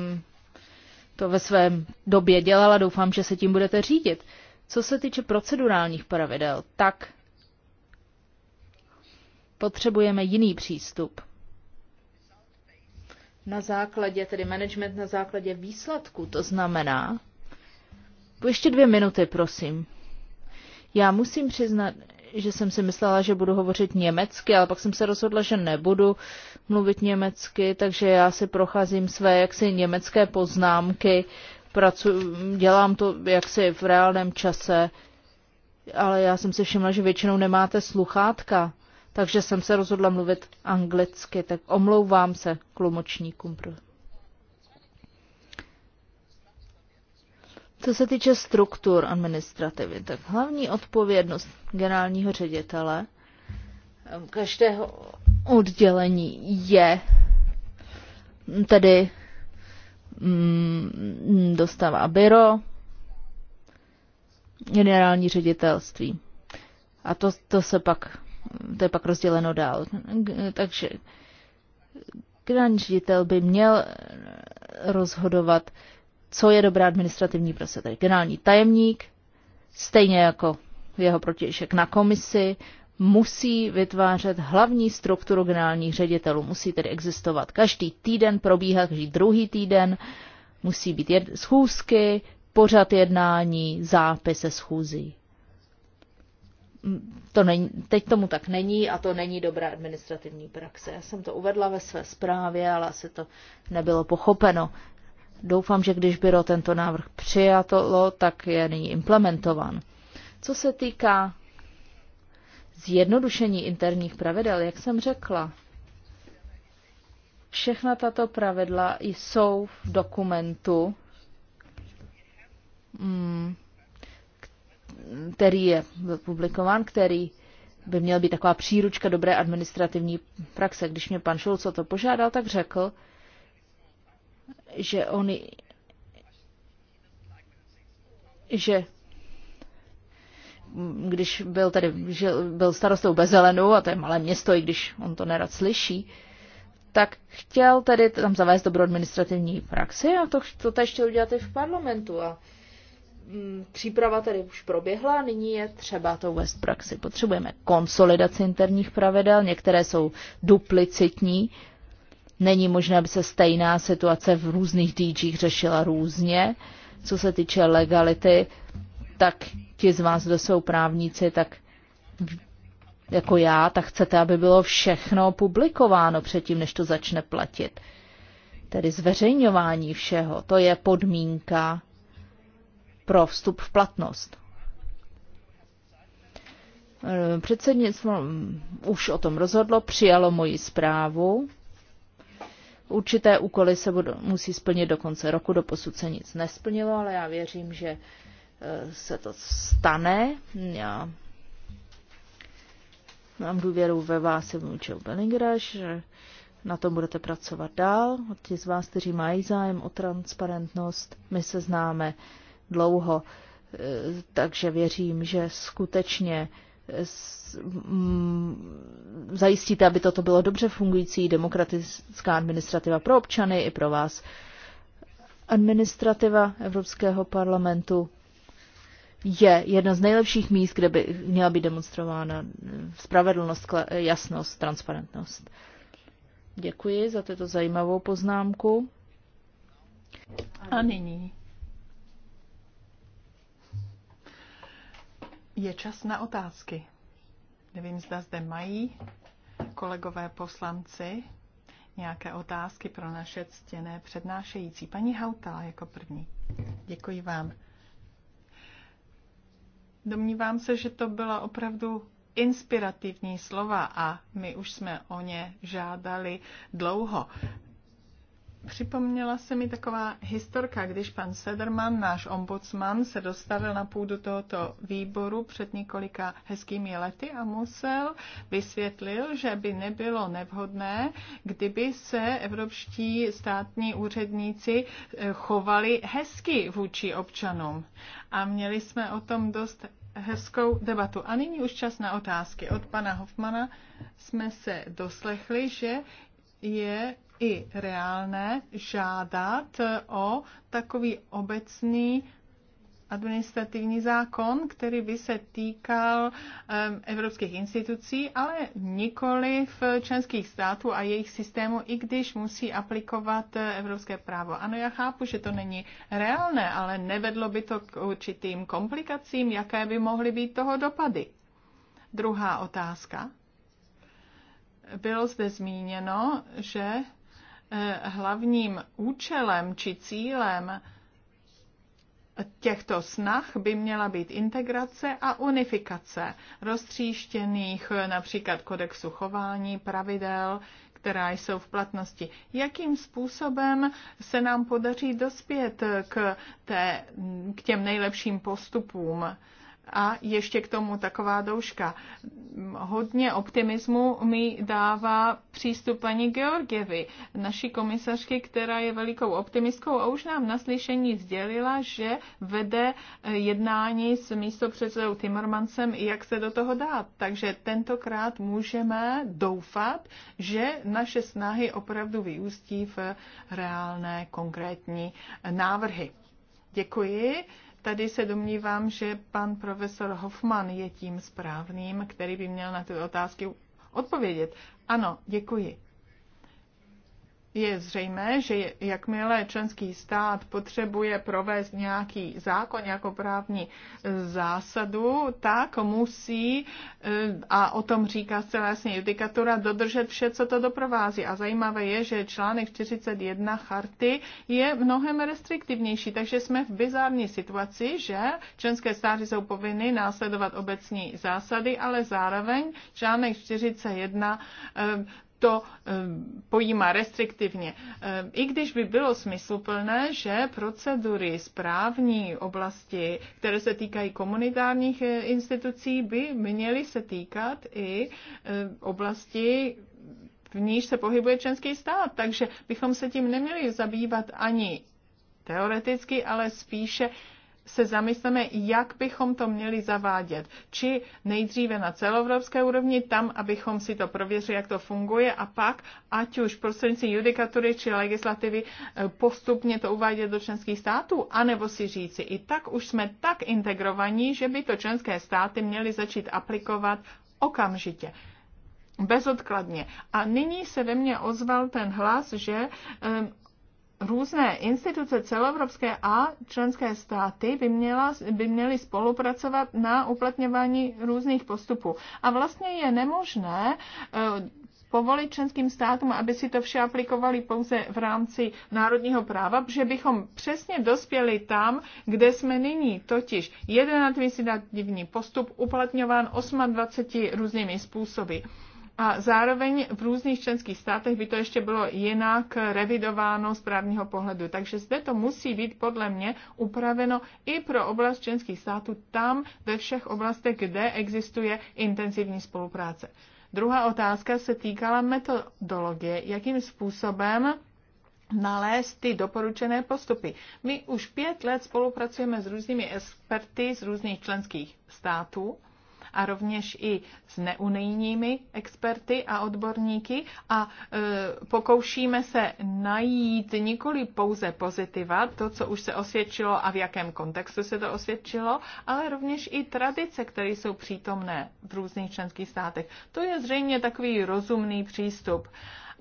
[SPEAKER 2] to ve svém době dělala, doufám, že se tím budete řídit. Co se týče procedurálních pravidel, tak potřebujeme jiný přístup. Na základě, tedy management na základě výsledku, to znamená, ještě dvě minuty, prosím. Já musím přiznat, že jsem si myslela, že budu hovořit německy, ale pak jsem se rozhodla, že nebudu mluvit německy, takže já si procházím své jaksi německé poznámky, pracu, dělám to jaksi v reálném čase, ale já jsem si všimla, že většinou nemáte sluchátka, takže jsem se rozhodla mluvit anglicky, tak omlouvám se klumočníkům. Pro... Co se týče struktur administrativy, tak hlavní odpovědnost generálního ředitele každého oddělení je tedy mm, dostává byro, generální ředitelství. A to, to se pak, to je pak rozděleno dál. Takže generální ředitel by měl rozhodovat co je dobrá administrativní praxe. Tedy generální tajemník, stejně jako jeho protějšek na komisi, musí vytvářet hlavní strukturu generálních ředitelů. Musí tedy existovat každý týden, probíhá každý druhý týden, musí být jed- schůzky, pořad jednání, zápis se schůzí. To není, teď tomu tak není a to není dobrá administrativní praxe. Já jsem to uvedla ve své zprávě, ale asi to nebylo pochopeno. Doufám, že když bylo tento návrh přijato, tak je nyní implementovan. Co se týká zjednodušení interních pravidel, jak jsem řekla, všechna tato pravidla jsou v dokumentu, mm, který je publikován, který by měl být taková příručka dobré administrativní praxe. Když mě pan Šulco to požádal, tak řekl, že oni že když byl tady, že byl starostou Bezelenu, a to je malé město, i když on to nerad slyší, tak chtěl tedy tam zavést dobrou administrativní praxi a to, to teď chtěl udělat i v parlamentu. A mm, příprava tady už proběhla nyní je třeba to uvést praxi. Potřebujeme konsolidaci interních pravidel, některé jsou duplicitní, Není možné, aby se stejná situace v různých DG řešila různě. Co se týče legality, tak ti z vás, kdo jsou právníci, tak jako já, tak chcete, aby bylo všechno publikováno předtím, než to začne platit. Tedy zveřejňování všeho, to je podmínka pro vstup v platnost. Eh, předsednictvo mm, už o tom rozhodlo, přijalo moji zprávu Určité úkoly se budou, musí splnit do konce roku, do posud se nic nesplnilo, ale já věřím, že e, se to stane. Já mám důvěru ve vás i vůči Belingraš, že na tom budete pracovat dál. Ti z vás, kteří mají zájem o transparentnost, my se známe dlouho, e, takže věřím, že skutečně Mm, zajistíte, aby toto bylo dobře fungující demokratická administrativa pro občany i pro vás. Administrativa Evropského parlamentu je jedno z nejlepších míst, kde by měla být demonstrována spravedlnost, jasnost, transparentnost. Děkuji za tuto zajímavou poznámku.
[SPEAKER 1] A
[SPEAKER 3] nyní Je čas na otázky. Nevím, zda zde mají kolegové poslanci nějaké otázky pro naše ctěné přednášející. Paní Hautala jako první. Děkuji vám. Domnívám se, že to byla opravdu inspirativní slova a my už jsme o ně žádali dlouho. Připomněla se mi taková historka, když pan Sederman, náš ombudsman, se dostavil na půdu tohoto výboru před několika hezkými lety a musel vysvětlil, že by nebylo nevhodné, kdyby se evropští státní úředníci eh, chovali hezky vůči občanům. A měli jsme o tom dost hezkou debatu. A nyní už čas na otázky. Od pana Hofmana jsme se doslechli, že je i reálné žádat o takový obecný administrativní zákon, který by se týkal um, evropských institucí, ale nikoli v členských států a jejich systému, i když musí aplikovat eh, evropské právo. Ano, já chápu, že to není reálné, ale nevedlo by to k určitým komplikacím, jaké by mohly být toho dopady. Druhá otázka. Bylo zde zmíněno, že Eh, hlavním účelem či cílem těchto snah by měla být integrace a unifikace roztříštěných eh, například kodexu chování, pravidel, která jsou v platnosti. Jakým způsobem se nám podaří dospět eh, k, té, k těm nejlepším postupům? A ještě k tomu taková douška. Hodně optimismu mi dává přístup paní Georgievy, naší komisařky, která je velikou optimistkou a už nám na slyšení sdělila, že vede jednání s místopředsedou Timmermansem, jak se do toho dát. Takže tentokrát můžeme doufat, že naše snahy opravdu vyústí v reálné konkrétní návrhy. Děkuji tady se domnívám, že pan profesor Hoffman je tím správným, který by měl na ty otázky odpovědět. Ano, děkuji je zřejmé, že jakmile členský stát potřebuje provést nějaký zákon, jako právní zásadu, tak musí, eh, a o tom říká zcela jasně judikatura, dodržet vše, co to doprovází. A zajímavé je, že článek 41 charty je mnohem restriktivnější, takže jsme v bizární situaci, že členské státy jsou povinny následovat obecní zásady, ale zároveň článek 41 to eh, pojímá restriktivně. Eh, I když by bylo smysluplné, že procedury správní oblasti, které se týkají komunitárních eh, institucí, by měly se týkat i oblasti v níž se pohybuje členský stát, takže bychom se tím neměli zabývat ani teoreticky, ale spíše se zamysleme, jak bychom to měli zavádět. Či nejdříve na celoevropské úrovni, tam, abychom si to prověřili, jak to funguje, a pak, ať už prostřednictvím judikatury či legislativy, eh, postupně to uvádět do členských států, anebo si říci, i tak už jsme tak integrovaní, že by to členské státy měly začít aplikovat okamžitě bezodkladně. A nyní se ve mně ozval ten hlas, že eh, různé instituce celoevropské a členské státy by, měla, by měly spolupracovat na uplatňování různých postupů. A vlastně je nemožné eh, povolit členským státům, aby si to vše aplikovali pouze v rámci národního práva, protože bychom přesně dospěli tam, kde jsme nyní, totiž jeden administrativní postup uplatňován 28 různými způsoby. A zároveň v různých členských státech by to ještě bylo jinak revidováno z právního pohledu. Takže zde to musí být podle mě upraveno i pro oblast členských států tam ve všech oblastech, kde existuje intenzivní spolupráce. Druhá otázka se týkala metodologie, jakým způsobem nalézt ty doporučené postupy. My už pět let spolupracujeme s různými experty z různých členských států a rovněž i s neunijními experty a odborníky a e, pokoušíme se najít nikoli pouze pozitiva, to, co už se osvědčilo a v jakém kontextu se to osvědčilo, ale rovněž i tradice, které jsou přítomné v různých členských státech. To je zřejmě takový rozumný přístup.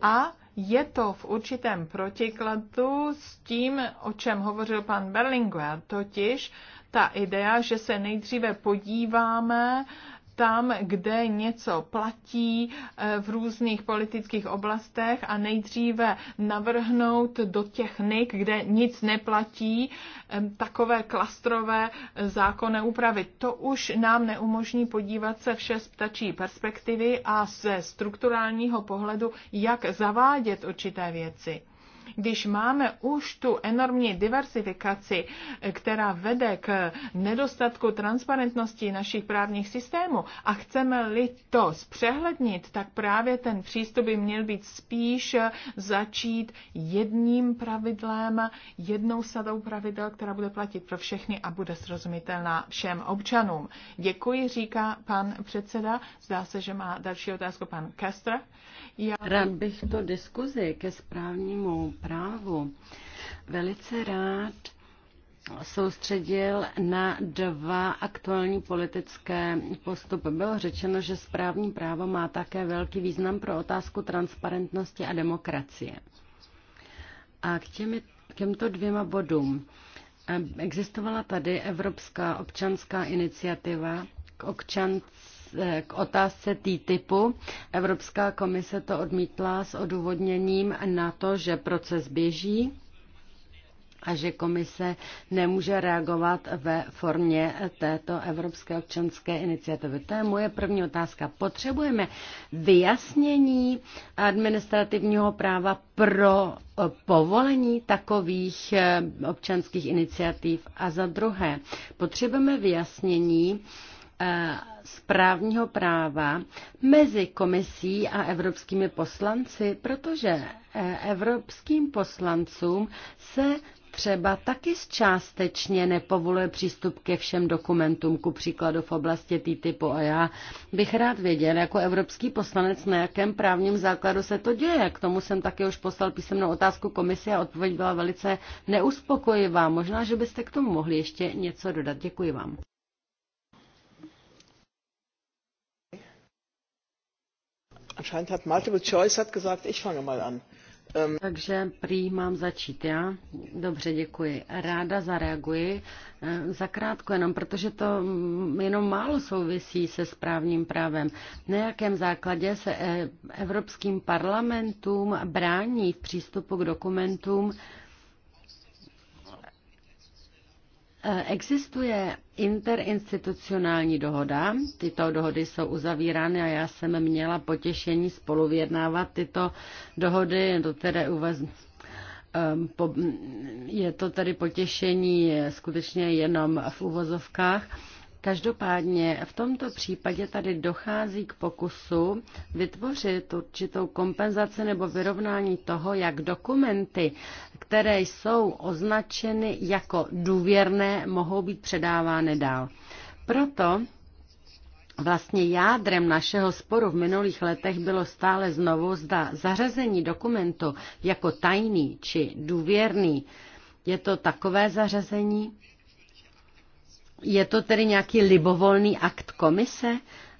[SPEAKER 3] A je to v určitém protikladu s tím, o čem hovořil pan Berlinguer, totiž ta idea, že se nejdříve podíváme tam, kde něco platí eh, v různých politických oblastech a nejdříve navrhnout do těch NIK, kde nic neplatí, eh, takové klastrové eh, zákonné úpravy. To už nám neumožní podívat se vše z ptačí perspektivy a ze strukturálního pohledu, jak zavádět určité věci když máme už tu enormní diversifikaci, která vede k nedostatku transparentnosti našich právních systémů a chceme-li to zpřehlednit, tak právě ten přístup by měl být spíš začít jedním pravidlem, jednou sadou pravidel, která bude platit pro všechny a bude srozumitelná všem občanům. Děkuji, říká pan předseda. Zdá se, že má další otázku pan Kestr. Já... Rád bych to diskuzi ke správnímu právu velice
[SPEAKER 1] rád soustředil na dva aktuální politické postupy. Bylo řečeno, že správní právo má také velký význam pro otázku transparentnosti a demokracie. A k, těmi, k těmto dvěma bodům ehm, existovala tady Evropská občanská iniciativa k občanské k otázce TTIPu. Evropská komise to odmítla s odůvodněním na to, že proces běží a že komise nemůže reagovat ve formě této Evropské občanské iniciativy. To je moje první otázka. Potřebujeme vyjasnění administrativního práva pro povolení takových eh, občanských iniciativ. A za druhé, potřebujeme vyjasnění, Eh, správního práva mezi komisí a evropskými poslanci, protože eh, evropským poslancům se třeba taky částečně nepovoluje přístup ke všem dokumentům, ku příkladu v oblasti TTIPu. A já bych rád věděl, jako evropský poslanec, na jakém právním základu se to děje. K tomu jsem také už poslal písemnou otázku komisi a odpověď byla velice neuspokojivá. Možná, že byste k tomu mohli ještě něco dodat. Děkuji vám. anscheinend hat Multiple Choice hat gesagt, ich fange mal an. Ähm, Takže prý mám začít já. Dobře, děkuji. Ráda zareaguji. Eh, Zakrátko jenom, protože to mm, jenom málo souvisí se správním právem. Na jakém základě se eh, evropským parlamentům brání v přístupu k dokumentům, Eh, existuje interinstitucionální dohoda, tyto dohody jsou uzavírány a já jsem měla potěšení spoluvědnávat tyto dohody, do uvaz... Ehm, je to tedy potěšení skutečně jenom v uvozovkách. Každopádně v tomto případě tady dochází k pokusu vytvořit určitou kompenzaci nebo vyrovnání toho, jak dokumenty, které jsou označeny jako důvěrné, mohou být předávány dál. Proto Vlastně jádrem našeho sporu v minulých letech bylo stále znovu, zda zařazení dokumentu jako tajný či důvěrný. Je to takové zařazení, je to tedy nějaký libovolný akt komise?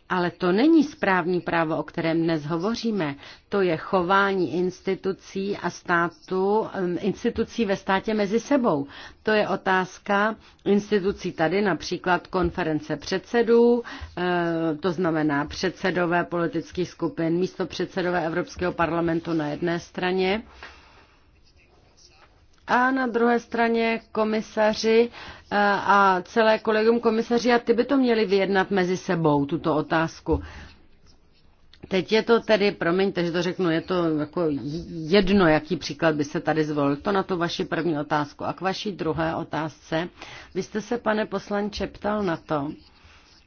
[SPEAKER 1] Ale to není správní právo, o kterém dnes hovoříme. To je chování institucí a státu, institucí ve státě mezi sebou. To je otázka institucí tady, například konference předsedů, eh, to znamená předsedové politických skupin, místo předsedové Evropského parlamentu na jedné straně a na druhé straně komisaři eh, a celé kolegium komisaři a ty by to měli vyjednat mezi sebou, tuto otázku. Teď je to tedy, promiňte, že to řeknu, je to jako jedno, jaký příklad by se tady zvolil. To na tu vaši první otázku. A k vaší druhé otázce. Vy jste se, pane poslanče, ptal na to,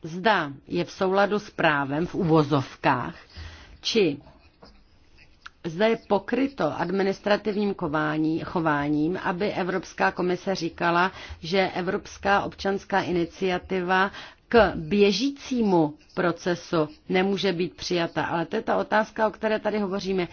[SPEAKER 1] zda je v souladu s právem v uvozovkách, či zda je pokryto administrativním kování, chováním, aby Evropská komise říkala, že Evropská občanská iniciativa k běžícímu procesu nemůže být přijata. Ale to je ta otázka, o které tady hovoříme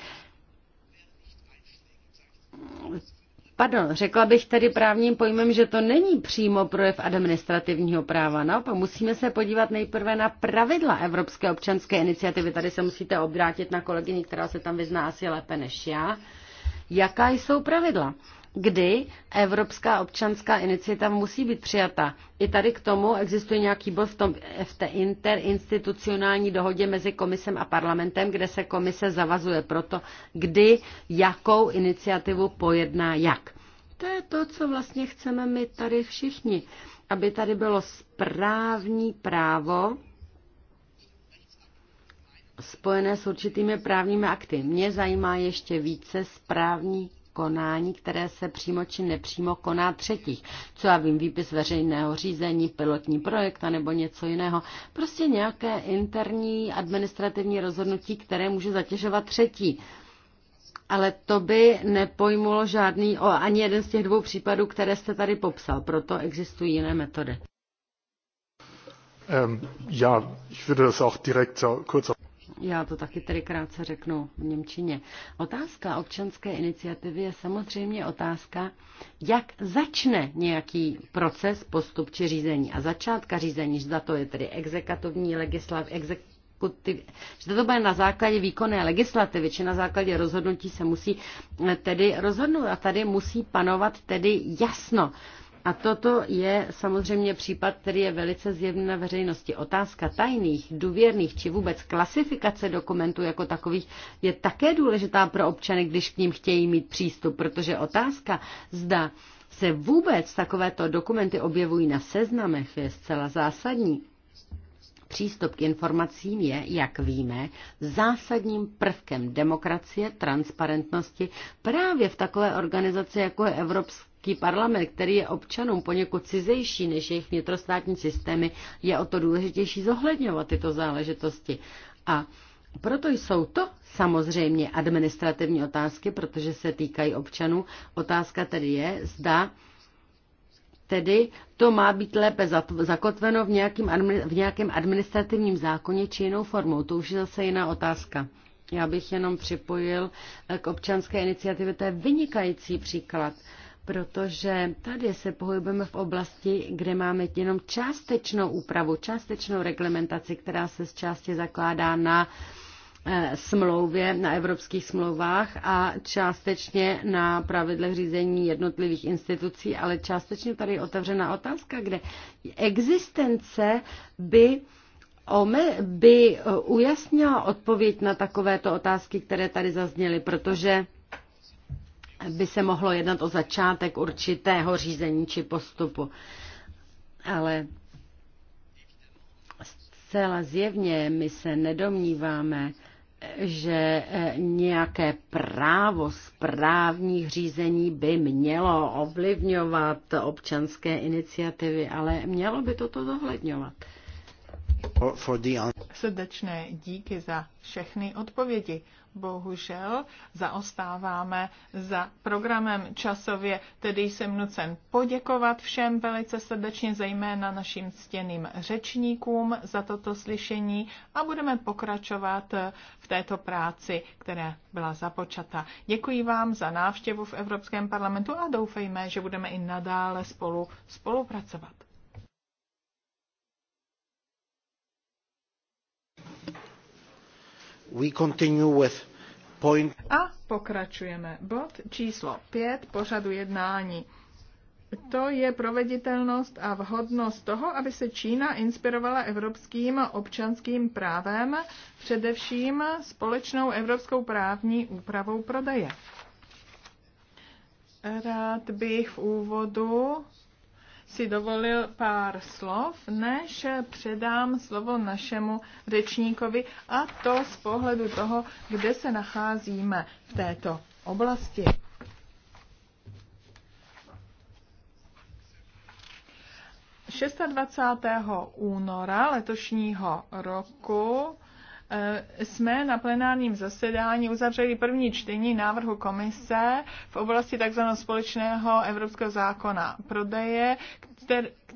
[SPEAKER 1] Pardon, řekla bych tedy právním pojmem, že to není přímo projev administrativního práva. Naopak musíme se podívat nejprve na pravidla Evropské občanské iniciativy. Tady se musíte obrátit na kolegyni, která se tam vyzná asi lépe než já. Jaká jsou pravidla? kdy Evropská občanská iniciativa musí být přijata. I tady k tomu existuje nějaký bod v, tom, v té interinstitucionální dohodě mezi komisem a parlamentem, kde se komise zavazuje proto, kdy, jakou iniciativu pojedná jak. To je to, co vlastně chceme my tady všichni, aby tady bylo správní právo spojené s určitými právními akty. Mě zajímá ještě více správní konání, které se přímo či nepřímo koná třetích. Co já vím, výpis veřejného řízení, pilotní projekt nebo něco jiného. Prostě nějaké interní administrativní rozhodnutí, které může zatěžovat třetí. Ale to by nepojmulo žádný, o, ani jeden z těch dvou případů, které jste tady popsal. Proto existují jiné metody.
[SPEAKER 2] Ähm, ja, ich würde das auch direkt kurz
[SPEAKER 1] já to taky tedy krátce řeknu v Němčině. Otázka občanské iniciativy je samozřejmě otázka, jak začne nějaký proces, postup či řízení. A začátka řízení, zda to je tedy exekutivní legislativ, exek že to bude na základě výkonné legislativy, či na základě rozhodnutí se musí tedy rozhodnout a tady musí panovat tedy jasno. Uh, a toto je samozřejmě případ, který je velice zjevný na veřejnosti. Otázka tajných, důvěrných či vůbec klasifikace dokumentů jako takových je také důležitá pro občany, když k ním chtějí mít přístup, protože otázka, zda se vůbec takovéto dokumenty objevují na seznamech, je zcela zásadní. Přístup k informacím je, jak víme, zásadním prvkem demokracie, transparentnosti právě v takové organizaci, jako je Evropská Evropský parlament, který je občanům poněkud cizejší než jejich vnitrostátní systémy, je o to důležitější zohledňovat tyto záležitosti. A proto jsou to samozřejmě administrativní otázky, protože se týkají občanů. Otázka tedy je, zda Tedy to má být lépe zakotveno v, nějakém, v nějakém administrativním zákoně či jinou formou. To už je zase jiná otázka. Já bych jenom připojil eh, k občanské iniciativě. To je vynikající příklad protože tady se pohybujeme v oblasti, kde máme jenom částečnou úpravu, částečnou reglementaci, která se z části zakládá na eh, smlouvě, na evropských smlouvách a částečně na pravidlech řízení jednotlivých institucí, ale částečně tady je otevřená otázka, kde existence by Ome by eh, ujasnila odpověď na takovéto otázky, které tady zazněly, protože by se mohlo jednat o začátek určitého řízení či postupu. Ale zcela zjevně my se nedomníváme, že eh, nějaké právo správních řízení by mělo ovlivňovat občanské iniciativy, ale mělo by toto zohledňovat.
[SPEAKER 3] Srdečné díky za všechny odpovědi bohužel zaostáváme za programem časově, tedy jsem nucen poděkovat všem velice srdečně, zejména našim ctěným řečníkům za toto slyšení a budeme pokračovat v této práci, která byla započata. Děkuji vám za návštěvu v Evropském parlamentu a doufejme, že budeme i nadále spolu spolupracovat. We continue with point... A pokračujeme. Bod číslo 5 pořadu jednání. To je proveditelnost a vhodnost toho, aby se Čína inspirovala evropským občanským právem, především společnou evropskou právní úpravou prodeje. Rád bych v úvodu si dovolil pár slov, než předám slovo našemu řečníkovi a to z pohledu toho, kde se nacházíme v této oblasti. ...26. února letošního roku Eh, jsme na plenárním zasedání uzavřeli první čtení návrhu komise v oblasti tzv. společného evropského zákona prodeje,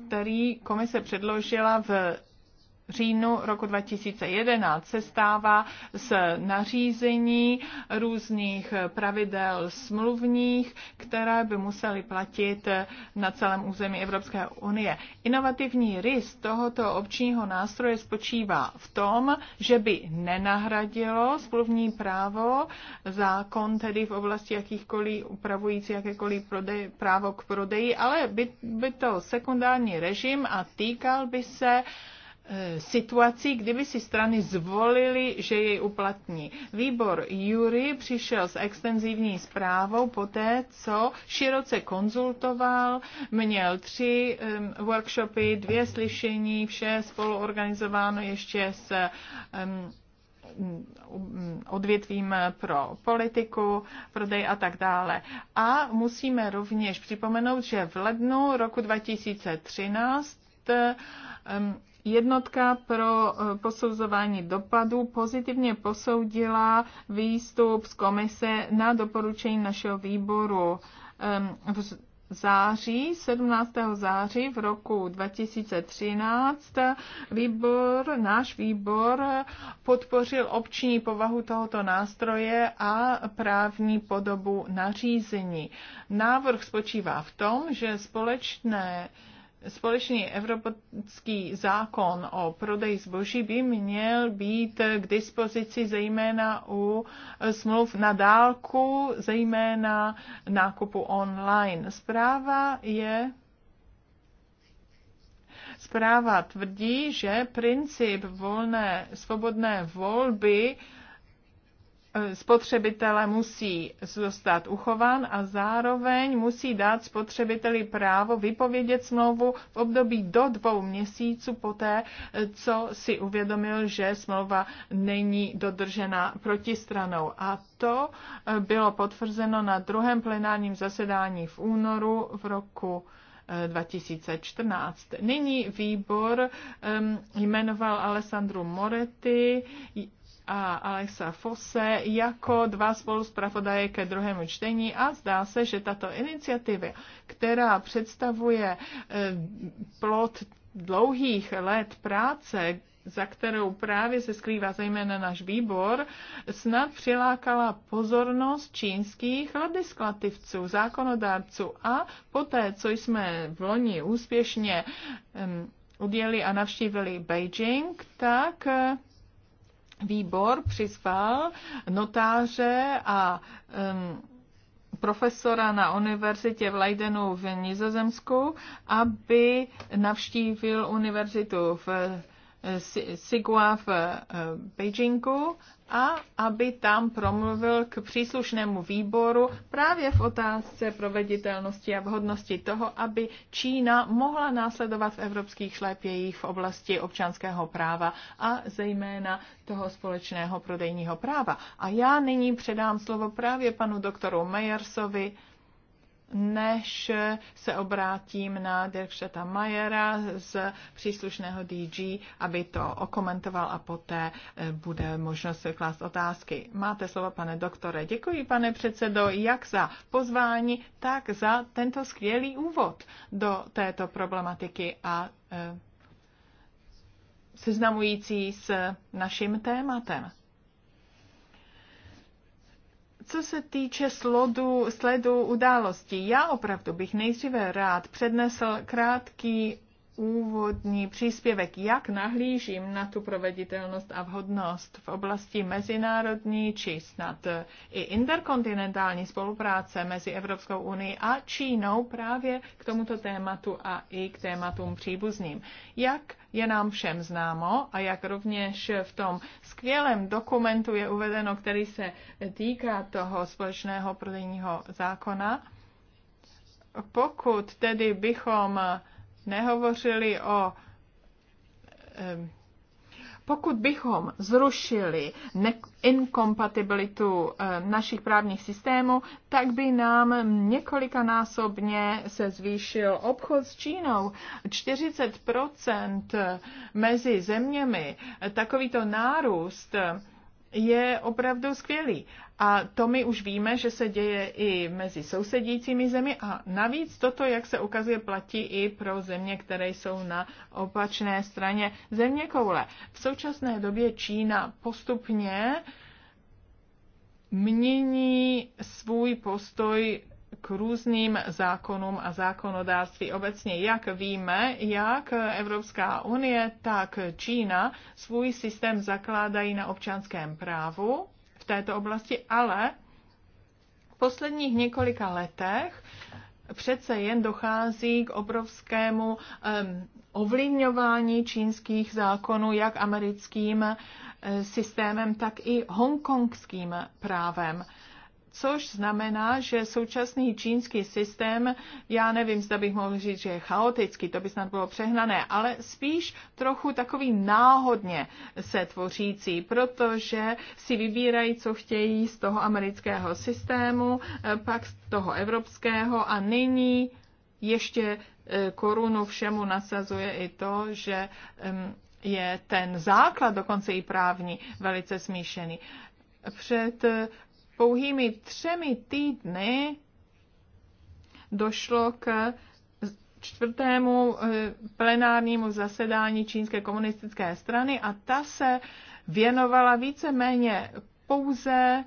[SPEAKER 3] který komise předložila v říjnu roku 2011 se stává z nařízení různých pravidel smluvních, které by musely platit na celém území Evropské unie. Inovativní rys tohoto občního nástroje spočívá v tom, že by nenahradilo smluvní právo zákon tedy v oblasti jakýchkoliv upravující jakékoliv prodej, právo k prodeji, ale by, by to sekundární režim a týkal by se uh, Eh, situací, kdyby si strany zvolili, že jej uplatní. Výbor Jury přišel s extenzivní zprávou po té, co široce konzultoval, měl tři um, workshopy, dvě slyšení, vše spoluorganizováno ještě s um, odvětvím pro politiku, prodej a tak dále. A musíme rovněž připomenout, že v lednu roku 2013 Eh, jednotka pro eh, posouzování dopadů pozitivně posoudila výstup z komise na doporučení našeho výboru. V září, 17. září v roku 2013 výbor, náš výbor podpořil obční povahu tohoto nástroje a právní podobu nařízení. Návrh spočívá v tom, že společné společný evropský zákon o prodeji zboží by měl být k dispozici zejména u smluv na dálku, zejména nákupu online. Zpráva je Zpráva tvrdí, že princip volné, svobodné volby E, spotřebitele musí zůstat uchován a zároveň musí dát spotřebiteli právo vypovědět smlouvu v období do dvou měsíců poté, e, co si uvědomil, že smlouva není dodržena protistranou. A to e, bylo potvrzeno na druhém plenárním zasedání v únoru v roku 2014. Nyní výbor jmenoval Alessandru Moretti a Alexa Fosse jako dva spoluzpravodaje ke druhému čtení a zdá se, že tato iniciativa, která představuje eh, plot dlouhých let práce, za kterou právě se skrývá zejména náš výbor, snad přilákala pozornost čínských legislativců, zákonodárců a poté, co jsme v loni úspěšně um, udělili a navštívili Beijing, tak uh, výbor přizval notáře a um, profesora na univerzitě v Leidenu v Nizozemsku, aby navštívil univerzitu v Sigua v eh, Beijingu a aby tam promluvil k příslušnému výboru právě v otázce proveditelnosti a vhodnosti toho, aby Čína mohla následovat v evropských šlépějích v oblasti občanského práva a zejména toho společného prodejního práva. A já nyní předám slovo právě panu doktoru Meyersovi, než se obrátím na Dirkšeta Majera z příslušného DG, aby to okomentoval a poté eh, bude možnost klást otázky. Máte slovo, pane doktore. Děkuji, pane předsedo, jak za pozvání, tak za tento skvělý úvod do této problematiky a eh, seznamující s naším tématem. Co se týče slodu, sledu událostí, já opravdu bych nejdříve rád přednesl krátký úvodní příspěvek, jak nahlížím na tu proveditelnost a vhodnost v oblasti mezinárodní či snad i interkontinentální spolupráce mezi Evropskou unii a Čínou právě k tomuto tématu a i k tématům příbuzným. Jak je nám všem známo a jak rovněž v tom skvělém dokumentu je uvedeno, který se týká toho společného prodejního zákona, pokud tedy bychom nehovořili o pokud bychom zrušili inkompatibilitu eh, našich právních systémů, tak by nám několikanásobně se zvýšil obchod s Čínou. 40 mezi zeměmi takovýto nárůst je opravdu skvělý. A to my už víme, že se děje i mezi sousedícími zemi a navíc toto, jak se ukazuje, platí i pro země, které jsou na opačné straně země koule. V současné době Čína postupně mění svůj postoj k různým zákonům a zákonodárství obecně. Jak víme, jak Evropská unie, tak Čína svůj systém zakládají na občanském právu v této oblasti, ale v posledních několika letech přece jen dochází k obrovskému um, ovlivňování čínských zákonů jak americkým eh, systémem, tak i hongkongským právem. Což znamená, že současný čínský systém, já nevím, zda bych mohl říct, že je chaotický, to by snad bylo přehnané, ale spíš trochu takový náhodně se tvořící, protože si vybírají, co chtějí z toho amerického systému, eh, pak z toho evropského a nyní ještě eh, korunu všemu nasazuje i to, že je ten základ, dokonce i právní, velice smíšený. Před pouhými třemi týdny došlo k čtvrtému eh, plenárnímu zasedání Čínské komunistické strany a ta se věnovala víceméně pouze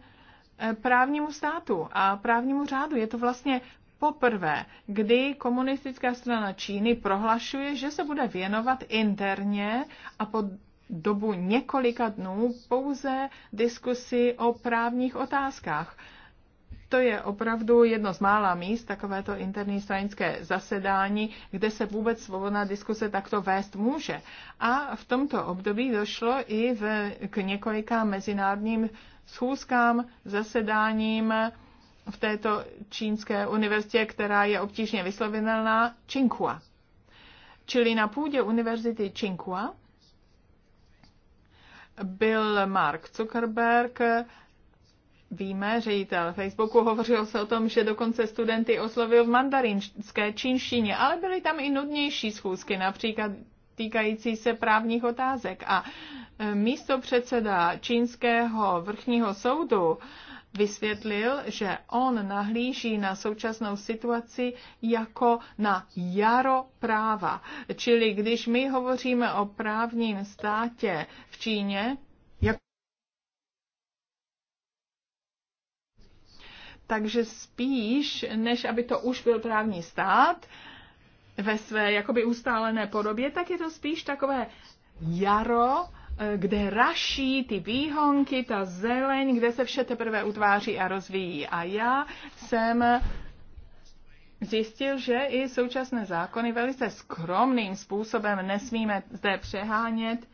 [SPEAKER 3] eh, právnímu státu a právnímu řádu. Je to vlastně poprvé, kdy komunistická strana Číny prohlašuje, že se bude věnovat interně a pod dobu několika dnů pouze diskusi o právních otázkách. To je opravdu jedno z mála míst, takovéto interní stranické zasedání, kde se vůbec svobodná diskuse takto vést může. A v tomto období došlo i v, k několika mezinárodním schůzkám, zasedáním v této čínské univerzitě, která je obtížně vyslovitelná, Tsinghua. Čili na půdě univerzity Tsinghua byl Mark Zuckerberg, víme, ředitel Facebooku, hovořil se o tom, že dokonce studenty oslovil v mandarinské čínštině, ale byly tam i nudnější schůzky, například týkající se právních otázek. A e, místo předseda čínského vrchního soudu vysvětlil, že on nahlíží na současnou situaci jako na jaro práva. Čili když my hovoříme o právním státě v Číně, Takže spíš, než aby to už byl právní stát ve své jakoby ustálené podobě, tak je to spíš takové jaro Eh, kde raší ty výhonky, ta zeleň, kde se vše teprve utváří a rozvíjí. A já jsem zjistil, že i současné zákony velice skromným způsobem nesmíme zde přehánět,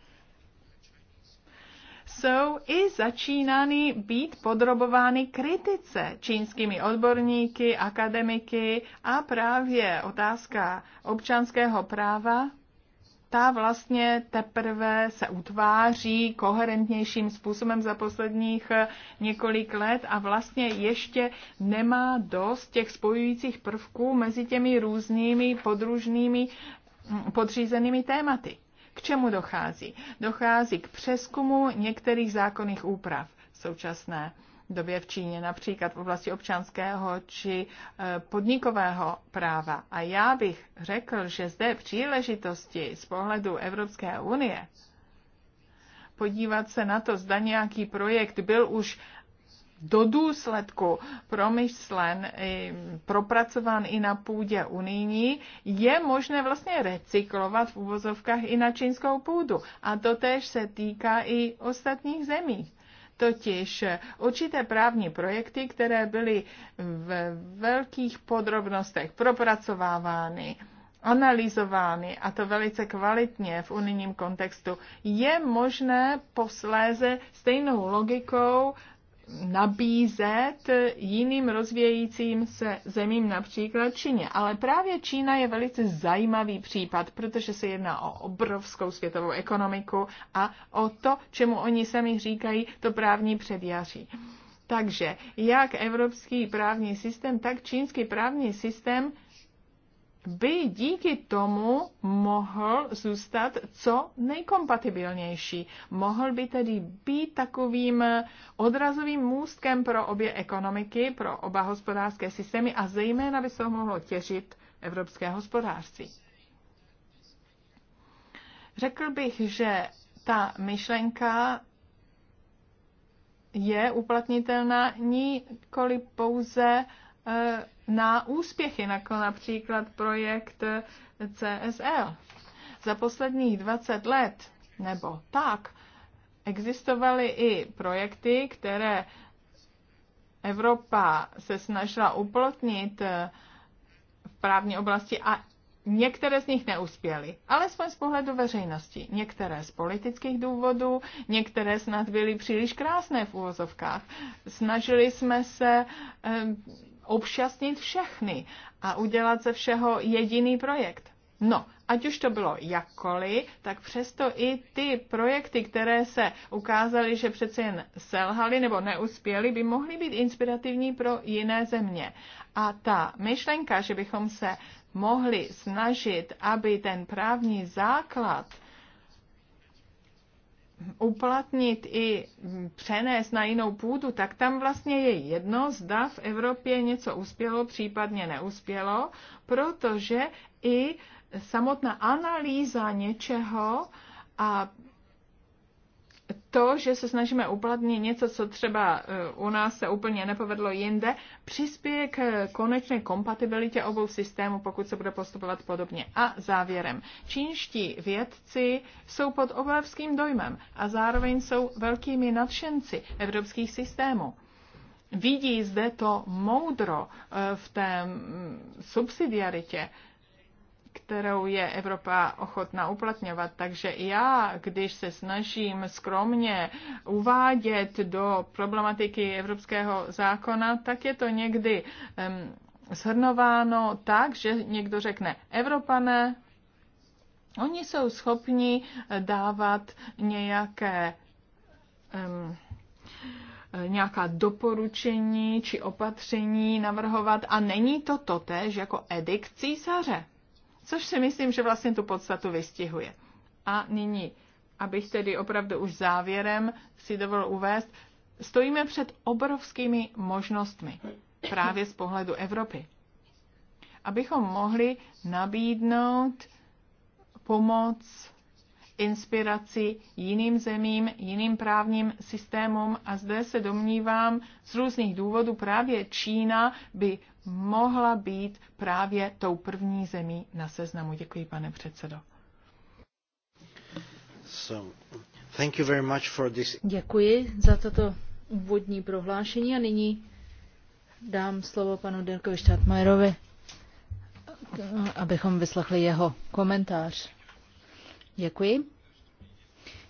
[SPEAKER 3] jsou i začínány být podrobovány kritice čínskými odborníky, akademiky a právě otázka občanského práva ta vlastně teprve se utváří koherentnějším způsobem za posledních eh, několik let a vlastně ještě nemá dost těch spojujících prvků mezi těmi různými podružnými mm, podřízenými tématy. K čemu dochází? Dochází k přeskumu některých zákonných úprav současné době v Číně, například v oblasti občanského či e, podnikového práva. A já bych řekl, že zde příležitosti z pohledu Evropské unie podívat se na to, zda nějaký projekt byl už do důsledku promyšlen, e, propracován i na půdě unijní, je možné vlastně recyklovat v uvozovkách i na čínskou půdu. A to též se týká i ostatních zemí totiž určité právní projekty, které byly v velkých podrobnostech propracovávány, analyzovány, a to velice kvalitně v unijním kontextu, je možné posléze stejnou logikou nabízet jiným rozvějícím se zemím, například Číně. Ale právě Čína je velice zajímavý případ, protože se jedná o obrovskou světovou ekonomiku a o to, čemu oni sami říkají, to právní předjaří. Takže jak evropský právní systém, tak čínský právní systém by díky tomu mohl zůstat co nejkompatibilnější. Mohl by tedy být takovým odrazovým můstkem pro obě ekonomiky, pro oba hospodářské systémy a zejména by se ho mohlo těžit evropské hospodářství. Řekl bych, že ta myšlenka je uplatnitelná nikoli pouze Eh, na úspěchy, jako například projekt CSL. Za posledních 20 let nebo tak existovaly i projekty, které Evropa se snažila uplotnit eh, v právní oblasti a Některé z nich neuspěly, alespoň z pohledu veřejnosti. Některé z politických důvodů, některé snad byly příliš krásné v úvozovkách. Snažili jsme se eh, obšťastnit všechny a udělat ze všeho jediný projekt. No, ať už to bylo jakkoliv, tak přesto i ty projekty, které se ukázaly, že přece jen selhaly nebo neuspěly, by mohly být inspirativní pro jiné země. A ta myšlenka, že bychom se mohli snažit, aby ten právní základ uplatnit i přenést na jinou půdu, tak tam vlastně je jedno, zda v Evropě něco uspělo, případně neuspělo, protože i samotná analýza něčeho a to, že se snažíme uplatnit něco, co třeba eh, u nás se úplně nepovedlo jinde, přispěje k konečné kompatibilitě obou systémů, pokud se bude postupovat podobně. A závěrem. Čínští vědci jsou pod obrovským dojmem a zároveň jsou velkými nadšenci evropských systémů vidí zde to moudro eh, v té mm, subsidiaritě, kterou je Evropa ochotná uplatňovat. Takže já, když se snažím skromně uvádět do problematiky evropského zákona, tak je to někdy um, shrnováno tak, že někdo řekne Evropané, oni jsou schopni dávat nějaké um, nějaká doporučení či opatření navrhovat a není to totéž jako edikt císaře což si myslím, že vlastně tu podstatu vystihuje. A nyní, abych tedy opravdu už závěrem si dovolil uvést, stojíme před obrovskými možnostmi právě z pohledu Evropy. Abychom mohli nabídnout pomoc, inspiraci jiným zemím, jiným právním systémům a zde se domnívám, z různých důvodů právě Čína by mohla být právě tou první zemí na seznamu. Děkuji, pane předsedo. So, thank you very much for this...
[SPEAKER 2] Děkuji za toto úvodní prohlášení a nyní dám slovo panu Derkovi Štátmajerovi, abychom vyslechli jeho komentář. Děkuji.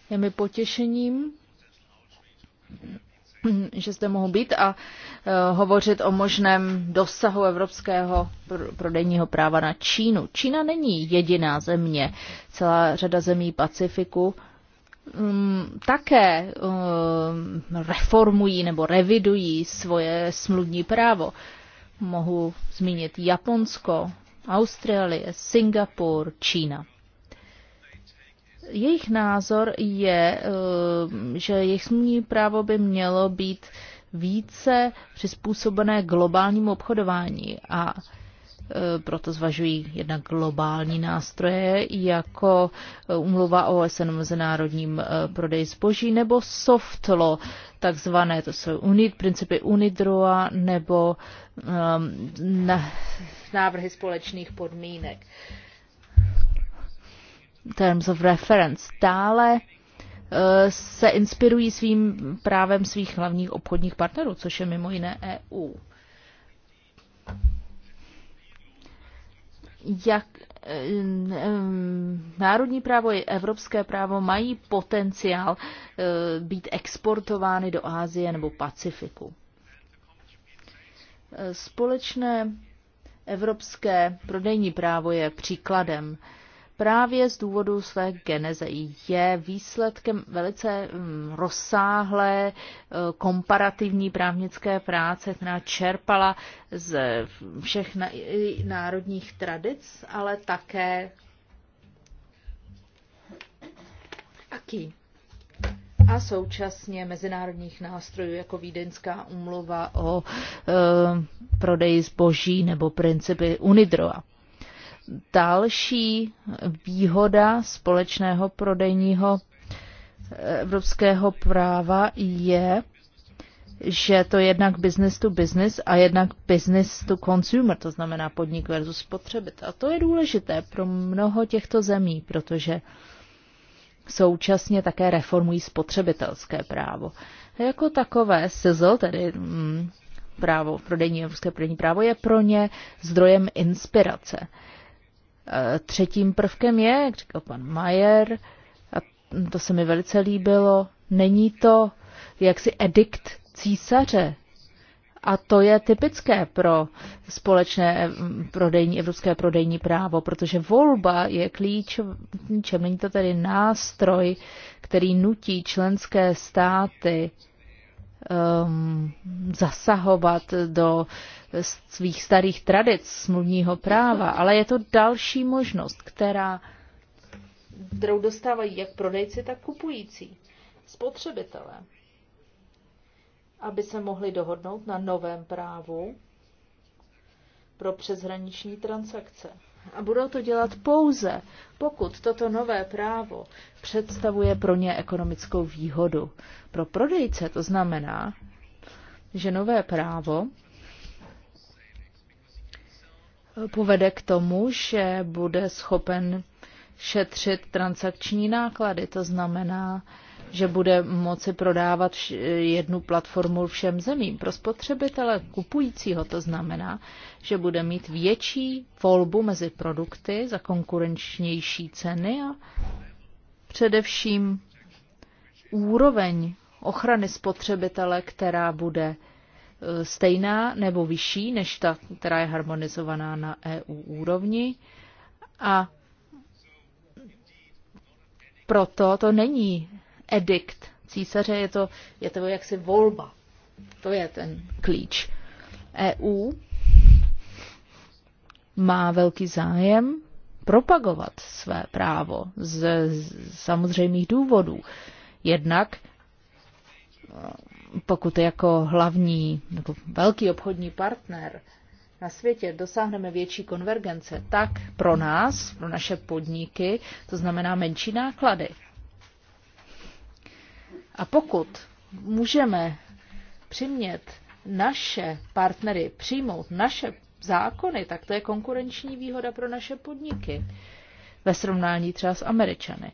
[SPEAKER 2] Je mi potěšením že zde mohu být a eh, hovořit o možném dosahu evropského prodejního práva na Čínu. Čína není jediná země, celá řada zemí Pacifiku mm, také eh, reformují nebo revidují svoje smluvní právo. Mohu zmínit Japonsko, Austrálie, Singapur, Čína. Jejich názor je, eh, že jejich smluvní právo by mělo být více přizpůsobené globálnímu obchodování a eh, proto zvažují jednak globální nástroje, jako eh, umluva OSN o mezinárodním prodeji zboží, nebo soft law, takzvané, to jsou unit, principy UNIDROA, nebo um, na, návrhy společných podmínek. Uh, terms of reference. Dále eh, se inspirují svým právem svých hlavních obchodních partnerů, což je mimo jiné EU. Jak eh, eh, národní právo i evropské právo mají potenciál být exportovány do Ázie nebo Pacifiku. Společné evropské prodejní právo je příkladem právě z důvodu své geneze je výsledkem velice mm, rozsáhlé e, komparativní právnické práce, která čerpala z všech národních tradic, ale také aký a současně mezinárodních nástrojů jako Vídeňská umluva o e, prodeji zboží nebo principy Unidroa další výhoda společného prodejního eh, evropského práva je, že to je jednak business to business a jednak business to consumer, to znamená podnik versus spotřebitel. A to je důležité pro mnoho těchto zemí, protože současně také reformují spotřebitelské právo. A jako takové SIZL, tedy mm, právo, prodejní, evropské prodejní právo, je pro ně zdrojem inspirace. Uh, Třetím prvkem je, jak říkal pan Majer, a to se mi velice líbilo, není to jaksi edikt císaře. A to je typické pro společné prodejní, evropské prodejní právo, protože volba je klíčem, není to tedy nástroj, který nutí členské státy um, zasahovat do uh, svých starých tradic smluvního práva, ale je to další možnost, která, kterou dostávají jak prodejci, tak kupující, spotřebitelé, aby se mohli dohodnout na novém právu pro přeshraniční transakce. A budou to dělat pouze, pokud toto nové právo představuje pro ně ekonomickou výhodu. Pro prodejce to znamená, že nové právo povede k tomu, že bude schopen šetřit transakční náklady. To znamená, že bude moci prodávat jednu platformu všem zemím. Pro spotřebitele kupujícího to znamená, že bude mít větší volbu mezi produkty za konkurenčnější ceny a především úroveň ochrany spotřebitele, která bude Eh, stejná nebo vyšší než ta, která je harmonizovaná na EU úrovni. A proto to není edikt císaře, je to, je to jaksi volba. To je ten klíč. EU má velký zájem propagovat své právo z, z samozřejmých důvodů. Jednak pokud jako hlavní jako velký obchodní partner na světě dosáhneme větší konvergence, tak pro nás, pro naše podniky, to znamená menší náklady. A pokud můžeme přimět naše partnery přijmout naše zákony, tak to je konkurenční výhoda pro naše podniky ve srovnání třeba s Američany.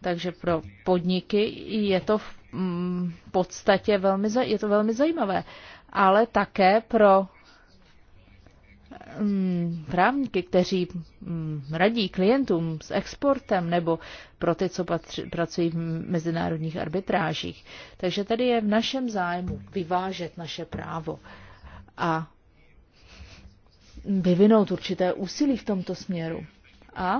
[SPEAKER 2] Takže pro podniky je to v Mm, podstatě velmi, je to velmi zajímavé, ale také pro mm, právníky, kteří mm, radí klientům s exportem nebo pro ty, co patři, pracují v mezinárodních arbitrážích. Takže tady je v našem zájmu vyvážet naše právo a vyvinout určité úsilí v tomto směru. A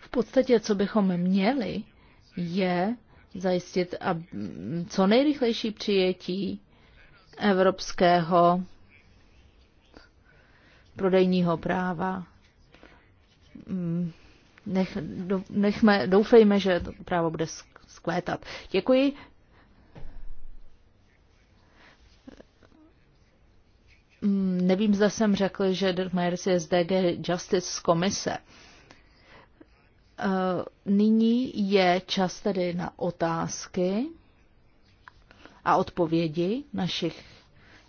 [SPEAKER 2] v podstatě, co bychom měli, je zajistit a co nejrychlejší přijetí evropského prodejního práva. Mm, nech, nechme, doufejme, že to právo bude skvétat. Děkuji. Mm, nevím, zda jsem řekl, že Dirk Myers je z DG Justice z komise. Eh, nyní je čas tedy na otázky a odpovědi našich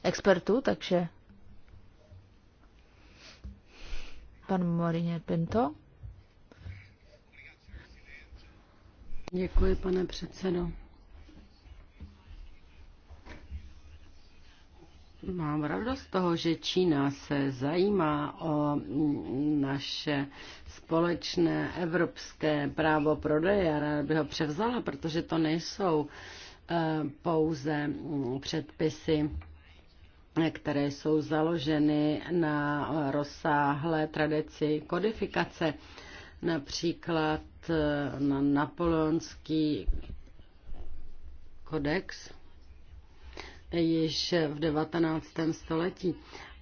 [SPEAKER 2] expertů, takže
[SPEAKER 1] pan Morině Pinto. Děkuji, pane předsedo. Mám radost z toho, že Čína se zajímá o naše společné evropské právo prodeje a by ho převzala, protože to nejsou eh, pouze mm, předpisy které jsou založeny na rozsáhlé tradici kodifikace. Například eh, na napoleonský kodex již v 19. století.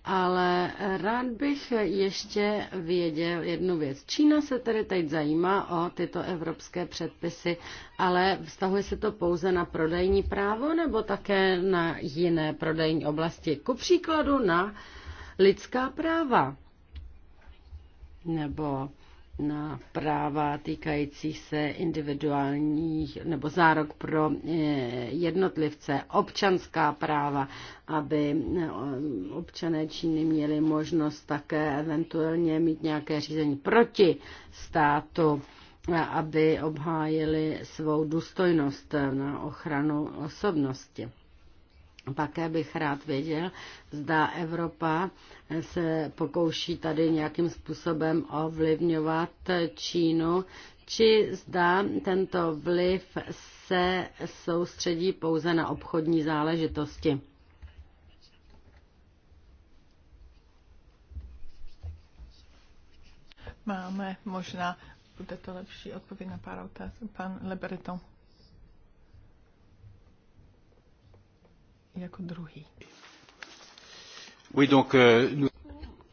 [SPEAKER 1] Ale rád bych ještě věděl jednu věc. Čína se tedy teď zajímá o tyto evropské předpisy, ale vztahuje se to pouze na prodejní právo nebo také na jiné prodejní oblasti? Ku příkladu na lidská práva nebo na práva týkajících se individuálních nebo zárok pro eh, jednotlivce, občanská práva, aby eh, občané Číny měli možnost také eventuálně mít nějaké řízení proti státu, aby obhájili svou důstojnost na ochranu osobnosti. Také bych rád věděl, zda Evropa se pokouší tady nějakým způsobem ovlivňovat Čínu, či zda tento vliv se soustředí pouze na obchodní záležitosti.
[SPEAKER 3] Máme možná, bude to lepší odpověď na pár otázek. Pan Lebreton. jako druhý. Oui, donc, euh, nous...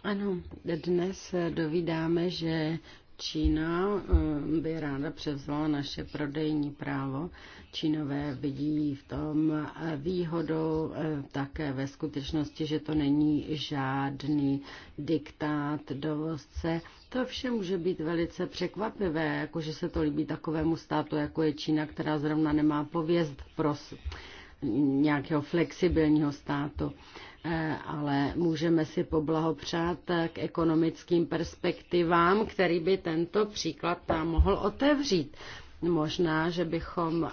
[SPEAKER 3] Ano, dnes
[SPEAKER 1] dovídáme, že Čína eh, by ráda převzala naše prodejní právo. Čínové vidí v tom výhodu eh, také ve skutečnosti, že to není žádný diktát dovozce. To vše může být velice překvapivé, jakože se to líbí takovému státu, jako je Čína, která zrovna nemá pověst pros nějakého flexibilního státu, eh, ale můžeme si poblahopřát k ekonomickým perspektivám, který by tento příklad nám mohl otevřít. Možná, že bychom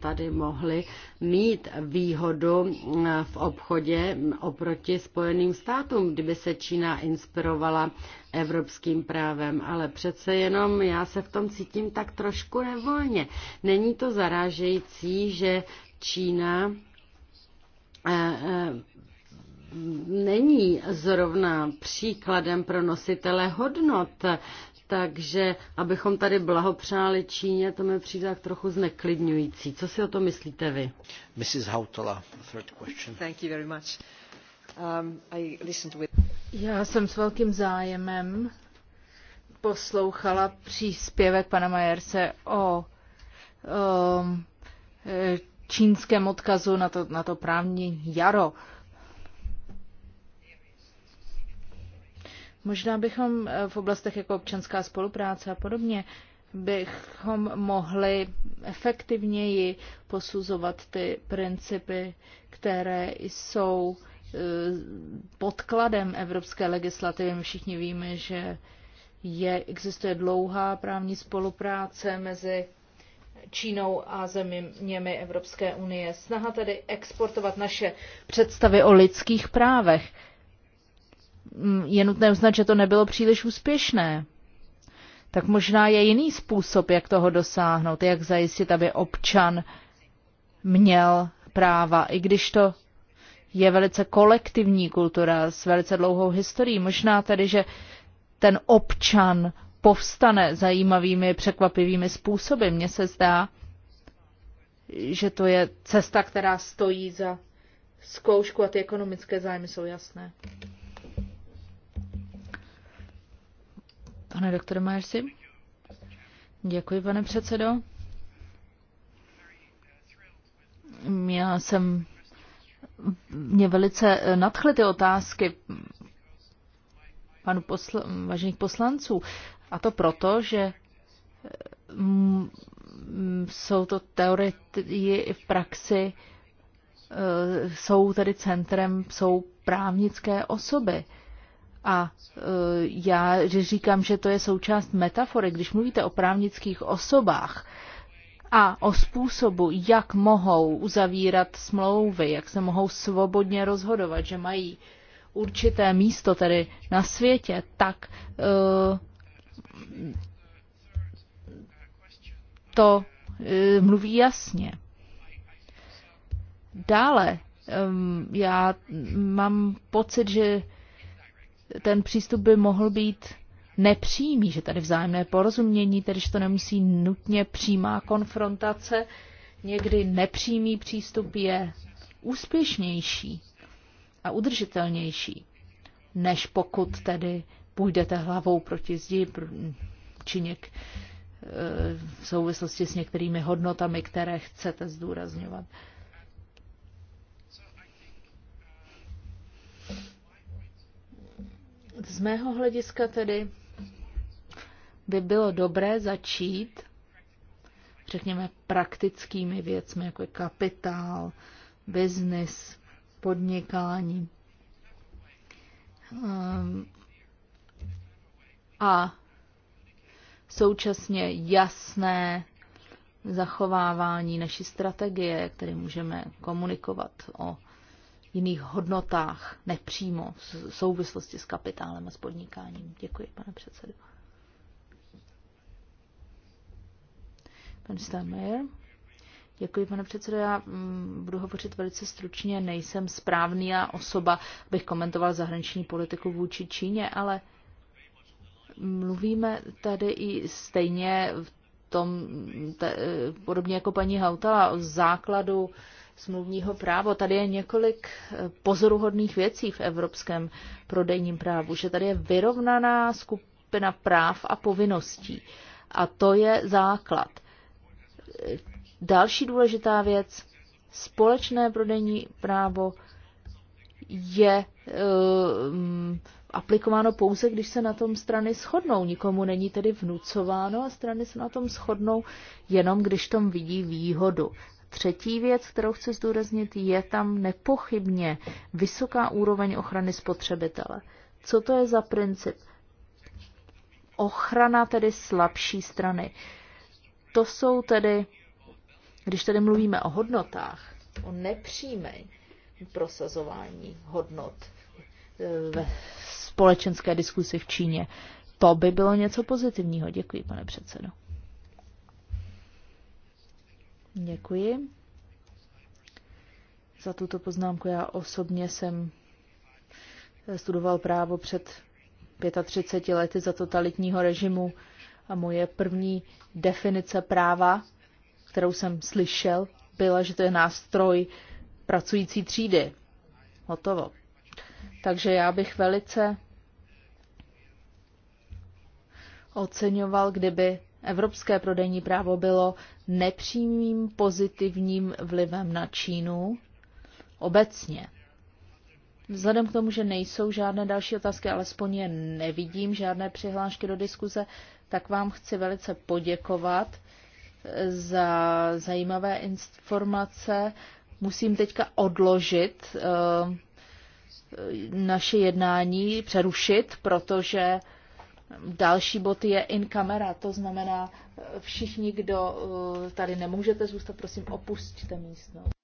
[SPEAKER 1] tady mohli mít výhodu eh, v obchodě oproti Spojeným státům, kdyby se Čína inspirovala evropským právem, ale přece jenom já se v tom cítím tak trošku nevolně. Není to zarážející, že Čína eh, eh, není zrovna příkladem pro nositele hodnot, takže abychom tady blahopřáli Číně, to mi přijde tak trochu zneklidňující. Co si o to myslíte vy?
[SPEAKER 3] Mrs. Hautala, third question. Thank you very much. Um, I listened with...
[SPEAKER 2] Já jsem s velkým zájemem poslouchala příspěvek pana Majerse o um, čínském odkazu na to, na to právní jaro. Možná bychom eh, v oblastech jako občanská spolupráce a podobně bychom mohli efektivněji posuzovat ty principy, které jsou eh, podkladem evropské legislativy. My všichni víme, že je, existuje dlouhá právní spolupráce mezi Čínou a zeměmi Evropské unie. Snaha tedy exportovat naše představy o lidských právech. Mm, je nutné uznat, že to nebylo příliš úspěšné. Tak možná je jiný způsob, jak toho dosáhnout, jak zajistit, aby občan měl práva, i když to je velice kolektivní kultura s velice dlouhou historií. Možná tedy, že ten občan povstane zajímavými, překvapivými způsoby. Mně se zdá, že to je cesta, která stojí za zkoušku a ty ekonomické zájmy jsou jasné. Pane doktore Majersi. Děkuji, pane předsedo. Já jsem mě velice nadchly ty otázky panu posl- vážených poslanců. A to proto, že eh, mm, jsou to teorie i v praxi, eh, jsou tedy centrem, jsou právnické osoby. A eh, já říkám, že to je součást metafory. Když mluvíte o právnických osobách a o způsobu, jak mohou uzavírat smlouvy, jak se mohou svobodně rozhodovat, že mají určité místo tedy na světě, tak to eh, mluví jasně. Dále, já mám pocit, že ten přístup by mohl být nepřímý, že tady vzájemné porozumění, tedy že to nemusí nutně přímá konfrontace, někdy nepřímý přístup je úspěšnější a udržitelnější, než pokud tedy půjdete hlavou proti zdi či něk, eh, v souvislosti s některými hodnotami, které chcete zdůrazňovat. Z mého hlediska tedy by bylo dobré začít, řekněme, praktickými věcmi, jako je kapitál, biznis, podnikání. Ehm, a současně jasné zachovávání naší strategie, které můžeme komunikovat o jiných hodnotách nepřímo v souvislosti s kapitálem a s podnikáním. Děkuji, pane předsedo. Pan Steinmeier. Děkuji, pane předsedo. Já mm, budu hovořit velice stručně. Nejsem správný a osoba, bych komentoval zahraniční politiku vůči Číně, ale Mluvíme tady i stejně v tom, te, podobně jako paní Hautala, o základu smluvního právo. Tady je několik eh, pozoruhodných věcí v evropském prodejním právu, že tady je vyrovnaná skupina práv a povinností. A to je základ. Eh, další důležitá věc, společné prodejní právo je eh, aplikováno pouze, když se na tom strany shodnou. Nikomu není tedy vnucováno a strany se na tom shodnou jenom, když tom vidí výhodu. Třetí věc, kterou chci zdůraznit, je tam nepochybně vysoká úroveň ochrany spotřebitele. Co to je za princip? Ochrana tedy slabší strany. To jsou tedy, když tedy mluvíme o hodnotách, o nepřímé prosazování hodnot eh, ve společenské diskusi v Číně. To by bylo něco pozitivního. Děkuji, pane předsedo. Děkuji. Za tuto poznámku já osobně jsem studoval právo před 35 lety za totalitního režimu a moje první definice práva, kterou jsem slyšel, byla, že to je nástroj pracující třídy. Hotovo. Takže já bych velice oceňoval, kdyby evropské prodejní právo bylo nepřímým pozitivním vlivem na Čínu obecně. Vzhledem k tomu, že nejsou žádné další otázky, alespoň je nevidím, žádné přihlášky do diskuze, tak vám chci velice poděkovat eh, za zajímavé informace. Musím teďka odložit eh, eh, naše jednání, přerušit, protože Další bod je in camera, to znamená všichni, kdo eh, tady nemůžete zůstat, prosím opustíte místnost.